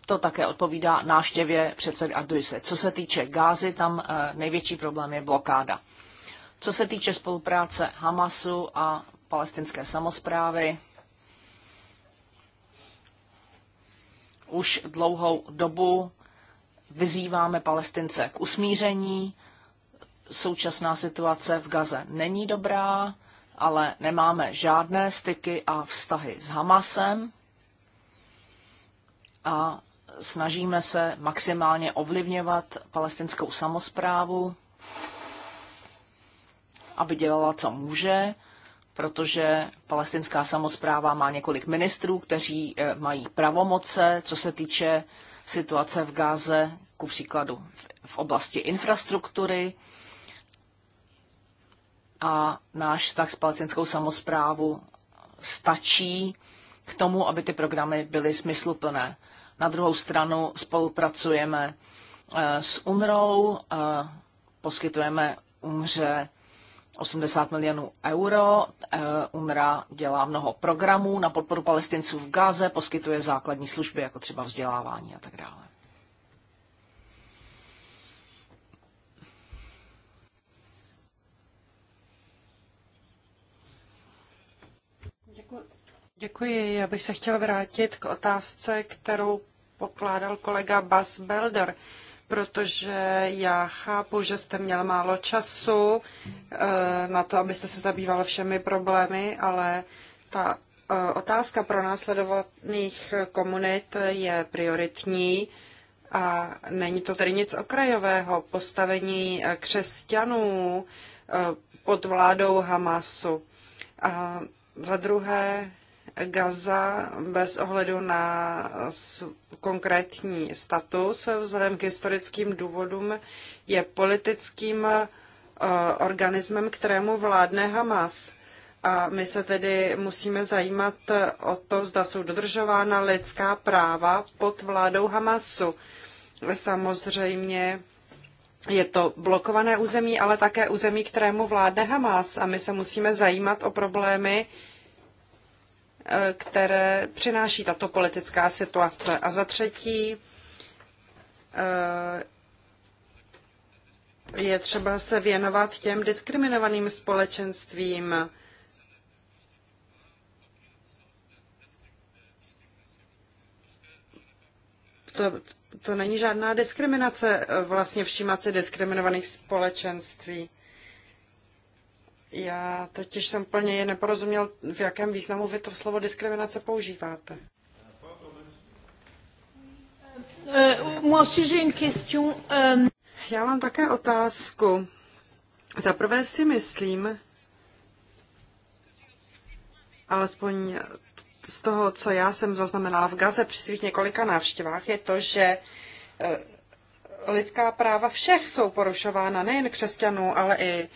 To také odpovídá náštěvě předsedy Adujse. Co se týče Gázy, tam eh, největší problém je blokáda. Co se týče spolupráce Hamasu a palestinské samozprávy, už dlouhou dobu vyzýváme Palestince k usmíření. Současná situace v Gaze není dobrá, ale nemáme žádné styky a vztahy s Hamasem a snažíme se maximálně ovlivňovat palestinskou samozprávu, aby dělala, co může, protože palestinská samozpráva má několik ministrů, kteří eh, mají pravomoce, co se týče situace v Gáze, ku příkladu v oblasti infrastruktury a náš vztah s palestinskou samozprávu stačí k tomu, aby ty programy byly smysluplné. Na druhou stranu spolupracujeme eh, s UNROU, eh, poskytujeme UMŘE 80 milionů euro. Eh, UNRA dělá mnoho programů na podporu palestinců v Gaze, poskytuje základní služby, jako třeba vzdělávání a tak dále. Děkuji. Děkuji. Já bych se chtěl vrátit k otázce, kterou pokládal kolega Bas Belder. Uh, protože já chápu, že jste měl málo času eh, na to, abyste se zabýval všemi problémy, ale ta eh, otázka pro následovaných komunit je prioritní a není to tedy nic okrajového. Postavení eh, křesťanů pod vládou Hamasu. A za druhé, Gaza bez ohledu na konkrétní status vzhledem k historickým důvodům je politickým eh, organismem, kterému vládne Hamas. A my se tedy musíme zajímat eh, o to, zda jsou dodržována lidská práva pod vládou Hamasu. Samozřejmě je to blokované území, ale také území, kterému vládne Hamas. A my se musíme zajímat o problémy, Eh, které přináší tato politická situace. A za třetí eh, je třeba se věnovat těm diskriminovaným společenstvím. To, to není žádná diskriminace, eh, vlastně všímat si diskriminovaných společenství. Já totiž jsem plně je neporozuměl, v jakém významu vy to slovo diskriminace používáte. Eh, ehm, já mám také otázku. Za prvé si myslím, alespoň z toho, co já jsem zaznamenala v Gaze při svých několika návštěvách, je to, že eh, lidská práva všech jsou porušována, nejen křesťanů, ale i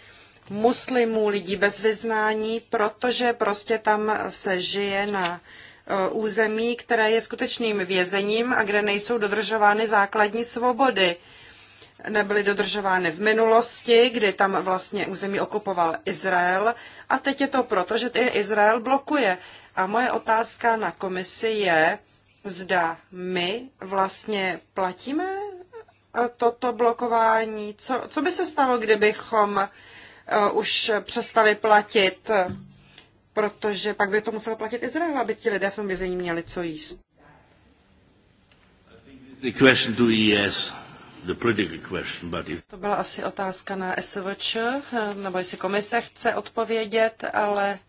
muslimů, lidí bez vyznání, protože prostě tam se žije na eh, území, které je skutečným vězením a kde nejsou dodržovány základní svobody. Nebyly dodržovány v minulosti, kdy tam vlastně území okupoval Izrael a teď je to proto, že je Izrael blokuje. A moje otázka na komisi je, zda my vlastně platíme eh, toto blokování. Co, co by se stalo, kdybychom Eh, už přestali platit, protože pak by to musel platit Izrael, aby ti lidé v tom vězení měli co jíst. E to byla asi otázka na SVČ, eh, nebo jestli komise chce odpovědět, ale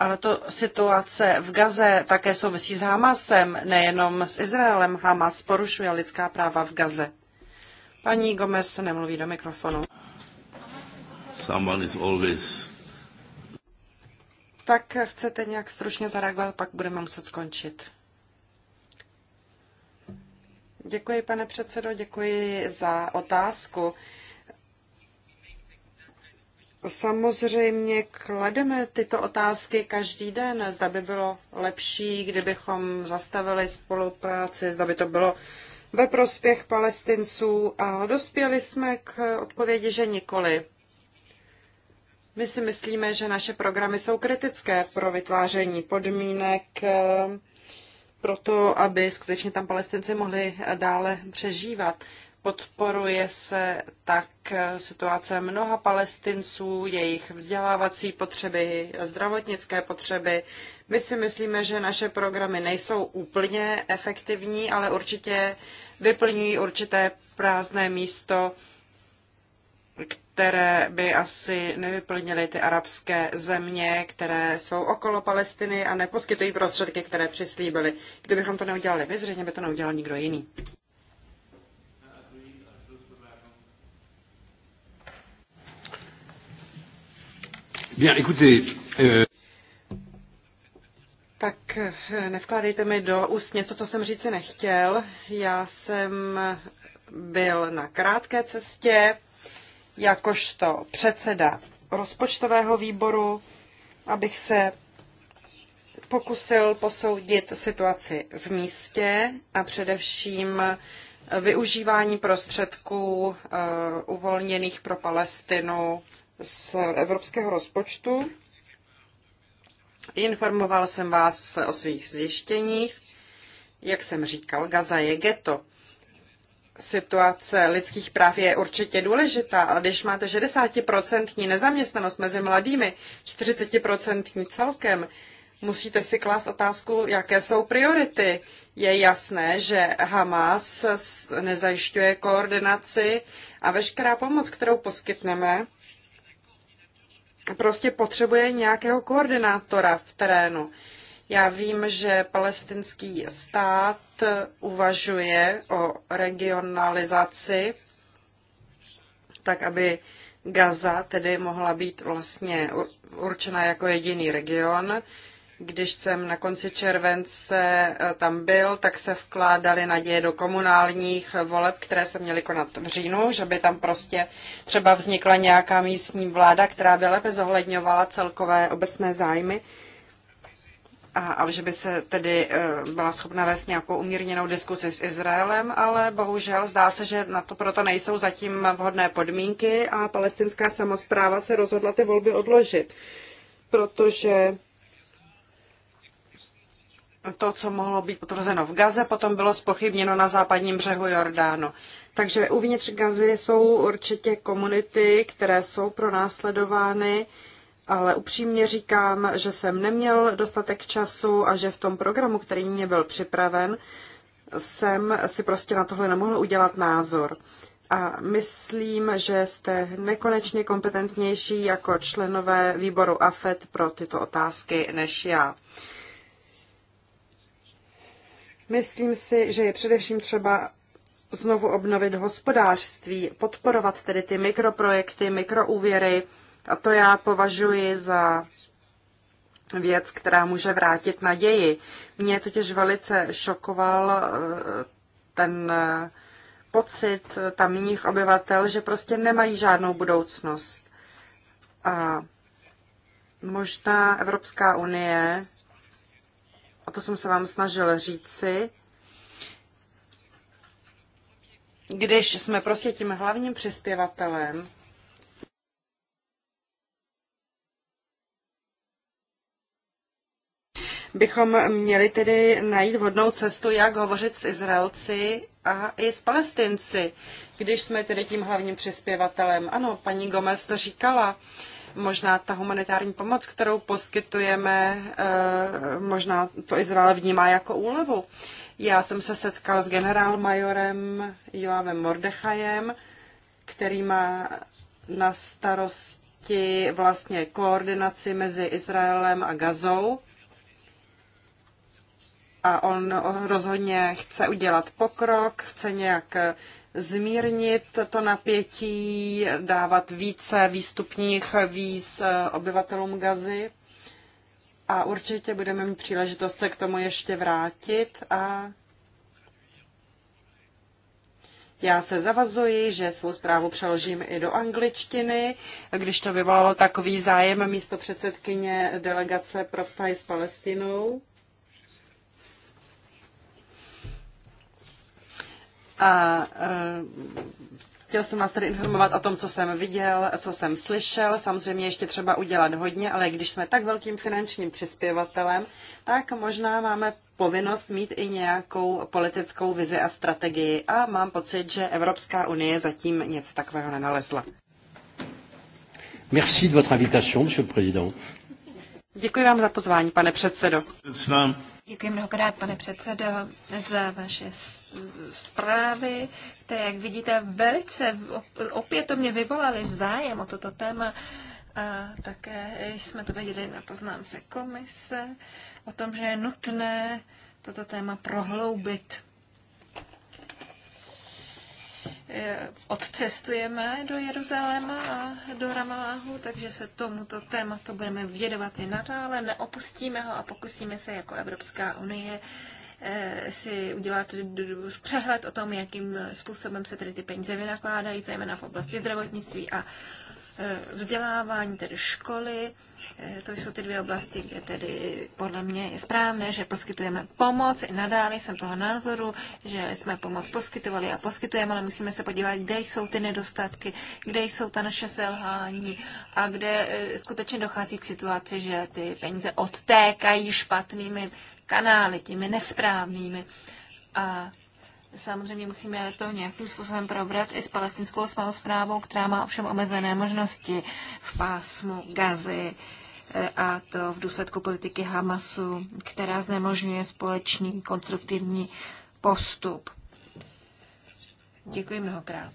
Ale to situace v Gaze také souvisí s Hamasem, nejenom s Izraelem. Hamas porušuje lidská práva v Gaze. Paní Gomez nemluví do mikrofonu. Someone is always... Tak chcete nějak stručně zareagovat, pak budeme muset skončit. Děkuji, pane předsedo, děkuji za otázku. Samozřejmě klademe tyto otázky každý den. Zda by bylo lepší, kdybychom zastavili spolupráci, zda by to bylo ve prospěch palestinců a dospěli jsme k odpovědi, že nikoli. My si myslíme, že naše programy jsou kritické pro vytváření podmínek eh, pro to, aby skutečně tam palestinci mohli dále přežívat. Podporuje se tak eh, situace mnoha palestinců, jejich vzdělávací potřeby, zdravotnické potřeby, my si myslíme, že naše programy nejsou úplně efektivní, ale určitě vyplňují určité prázdné místo, které by asi nevyplnily ty arabské země, které jsou okolo Palestiny a neposkytují prostředky, které přislíbily. Kdybychom to neudělali my, zřejmě by to neudělal nikdo jiný. Bien, écoutez, euh... Tak eh, nevkládejte mi do úst něco, co jsem říci nechtěl. Já jsem byl na krátké cestě jakožto předseda rozpočtového výboru, abych se pokusil posoudit situaci v místě a především využívání prostředků eh, uvolněných pro Palestinu z evropského rozpočtu. Informoval jsem vás o svých zjištěních. Jak jsem říkal, Gaza je geto. Situace lidských práv je určitě důležitá, ale když máte 60% nezaměstnanost mezi mladými, 40% celkem, musíte si klást otázku, jaké jsou priority. Je jasné, že Hamas nezajišťuje koordinaci a veškerá pomoc, kterou poskytneme, prostě potřebuje nějakého koordinátora v terénu. Já vím, že palestinský stát uvažuje o regionalizaci, tak aby Gaza tedy mohla být vlastně určena jako jediný region. Když jsem na konci července eh, tam byl, tak se vkládaly naděje do komunálních voleb, které se měly konat v říjnu, že by tam prostě třeba vznikla nějaká místní vláda, která by lépe zohledňovala celkové obecné zájmy a, a že by se tedy eh, byla schopna vést nějakou umírněnou diskusi s Izraelem, ale bohužel zdá se, že na to proto nejsou zatím vhodné podmínky a palestinská samozpráva se rozhodla ty volby odložit, protože to, co mohlo být potvrzeno v Gaze, potom bylo spochybněno na západním břehu Jordánu. Takže uvnitř Gazy jsou určitě komunity, které jsou pronásledovány, ale upřímně říkám, že jsem neměl dostatek času a že v tom programu, který mě byl připraven, jsem si prostě na tohle nemohl udělat názor. A myslím, že jste nekonečně kompetentnější jako členové výboru AFET pro tyto otázky než já. Myslím si, že je především třeba znovu obnovit hospodářství, podporovat tedy ty mikroprojekty, mikroúvěry a to já považuji za věc, která může vrátit naději. Mě totiž velice šokoval eh, ten eh, pocit tamních obyvatel, že prostě nemají žádnou budoucnost. A možná Evropská unie a to jsem se vám snažil říci, když jsme prostě tím hlavním přispěvatelem, bychom měli tedy najít vhodnou cestu, jak hovořit s Izraelci a i s Palestinci, když jsme tedy tím hlavním přispěvatelem. Ano, paní Gomez to říkala. Uh, možná ta humanitární pomoc, kterou poskytujeme, eh, možná to Izrael vnímá jako úlevu. Já jsem se setkal s generálmajorem Joavem Mordechajem, který má na starosti vlastně koordinaci mezi Izraelem a Gazou. A on rozhodně chce udělat pokrok, chce nějak zmírnit to napětí, dávat více výstupních víz eh, obyvatelům Gazy. A určitě budeme mít příležitost se k tomu ještě vrátit a já se zavazuji, že svou zprávu přeložím i do angličtiny, když to vyvolalo takový zájem místo předsedkyně delegace pro vztahy s Palestinou. A e, Chtěl jsem vás tady informovat o tom, co jsem viděl, co jsem slyšel. Samozřejmě ještě třeba udělat hodně, ale když jsme tak velkým finančním přispěvatelem, tak možná máme povinnost mít i nějakou politickou vizi a strategii. A mám pocit, že Evropská unie zatím něco takového nenalezla. Merci de votre invitation, monsieur le président. Děkuji vám za pozvání, pane předsedo. Děkuji mnohokrát, pane předsedo, za vaše zprávy, které, jak vidíte, velice opětovně vyvolaly zájem o toto téma. A také jsme to viděli na poznámce komise o tom, že je nutné toto téma prohloubit. Odcestujeme do Jeruzaléma a do Ramaláhu, takže se tomuto tématu budeme vědovat i nadále, neopustíme ho a pokusíme se jako Evropská unie Eh, si udělat přehled o tom, jakým způsobem se tedy ty peníze vynakládají, zejména v oblasti zdravotnictví a eh, vzdělávání, tedy školy. Eh, to jsou ty dvě oblasti, kde tedy podle mě je správné, že poskytujeme pomoc. I nadále jsem toho názoru, že jsme pomoc poskytovali a poskytujeme, ale musíme se podívat, kde jsou ty nedostatky, kde jsou ta naše selhání a kde skutečně dochází k situaci, že ty peníze odtékají špatnými kanály, těmi nesprávnými. A samozřejmě musíme to nějakým způsobem probrat i s palestinskou samozprávou, která má ovšem omezené možnosti v pásmu Gazy eh, a to v důsledku politiky Hamasu, která znemožňuje společný konstruktivní postup. Děkuji mnohokrát.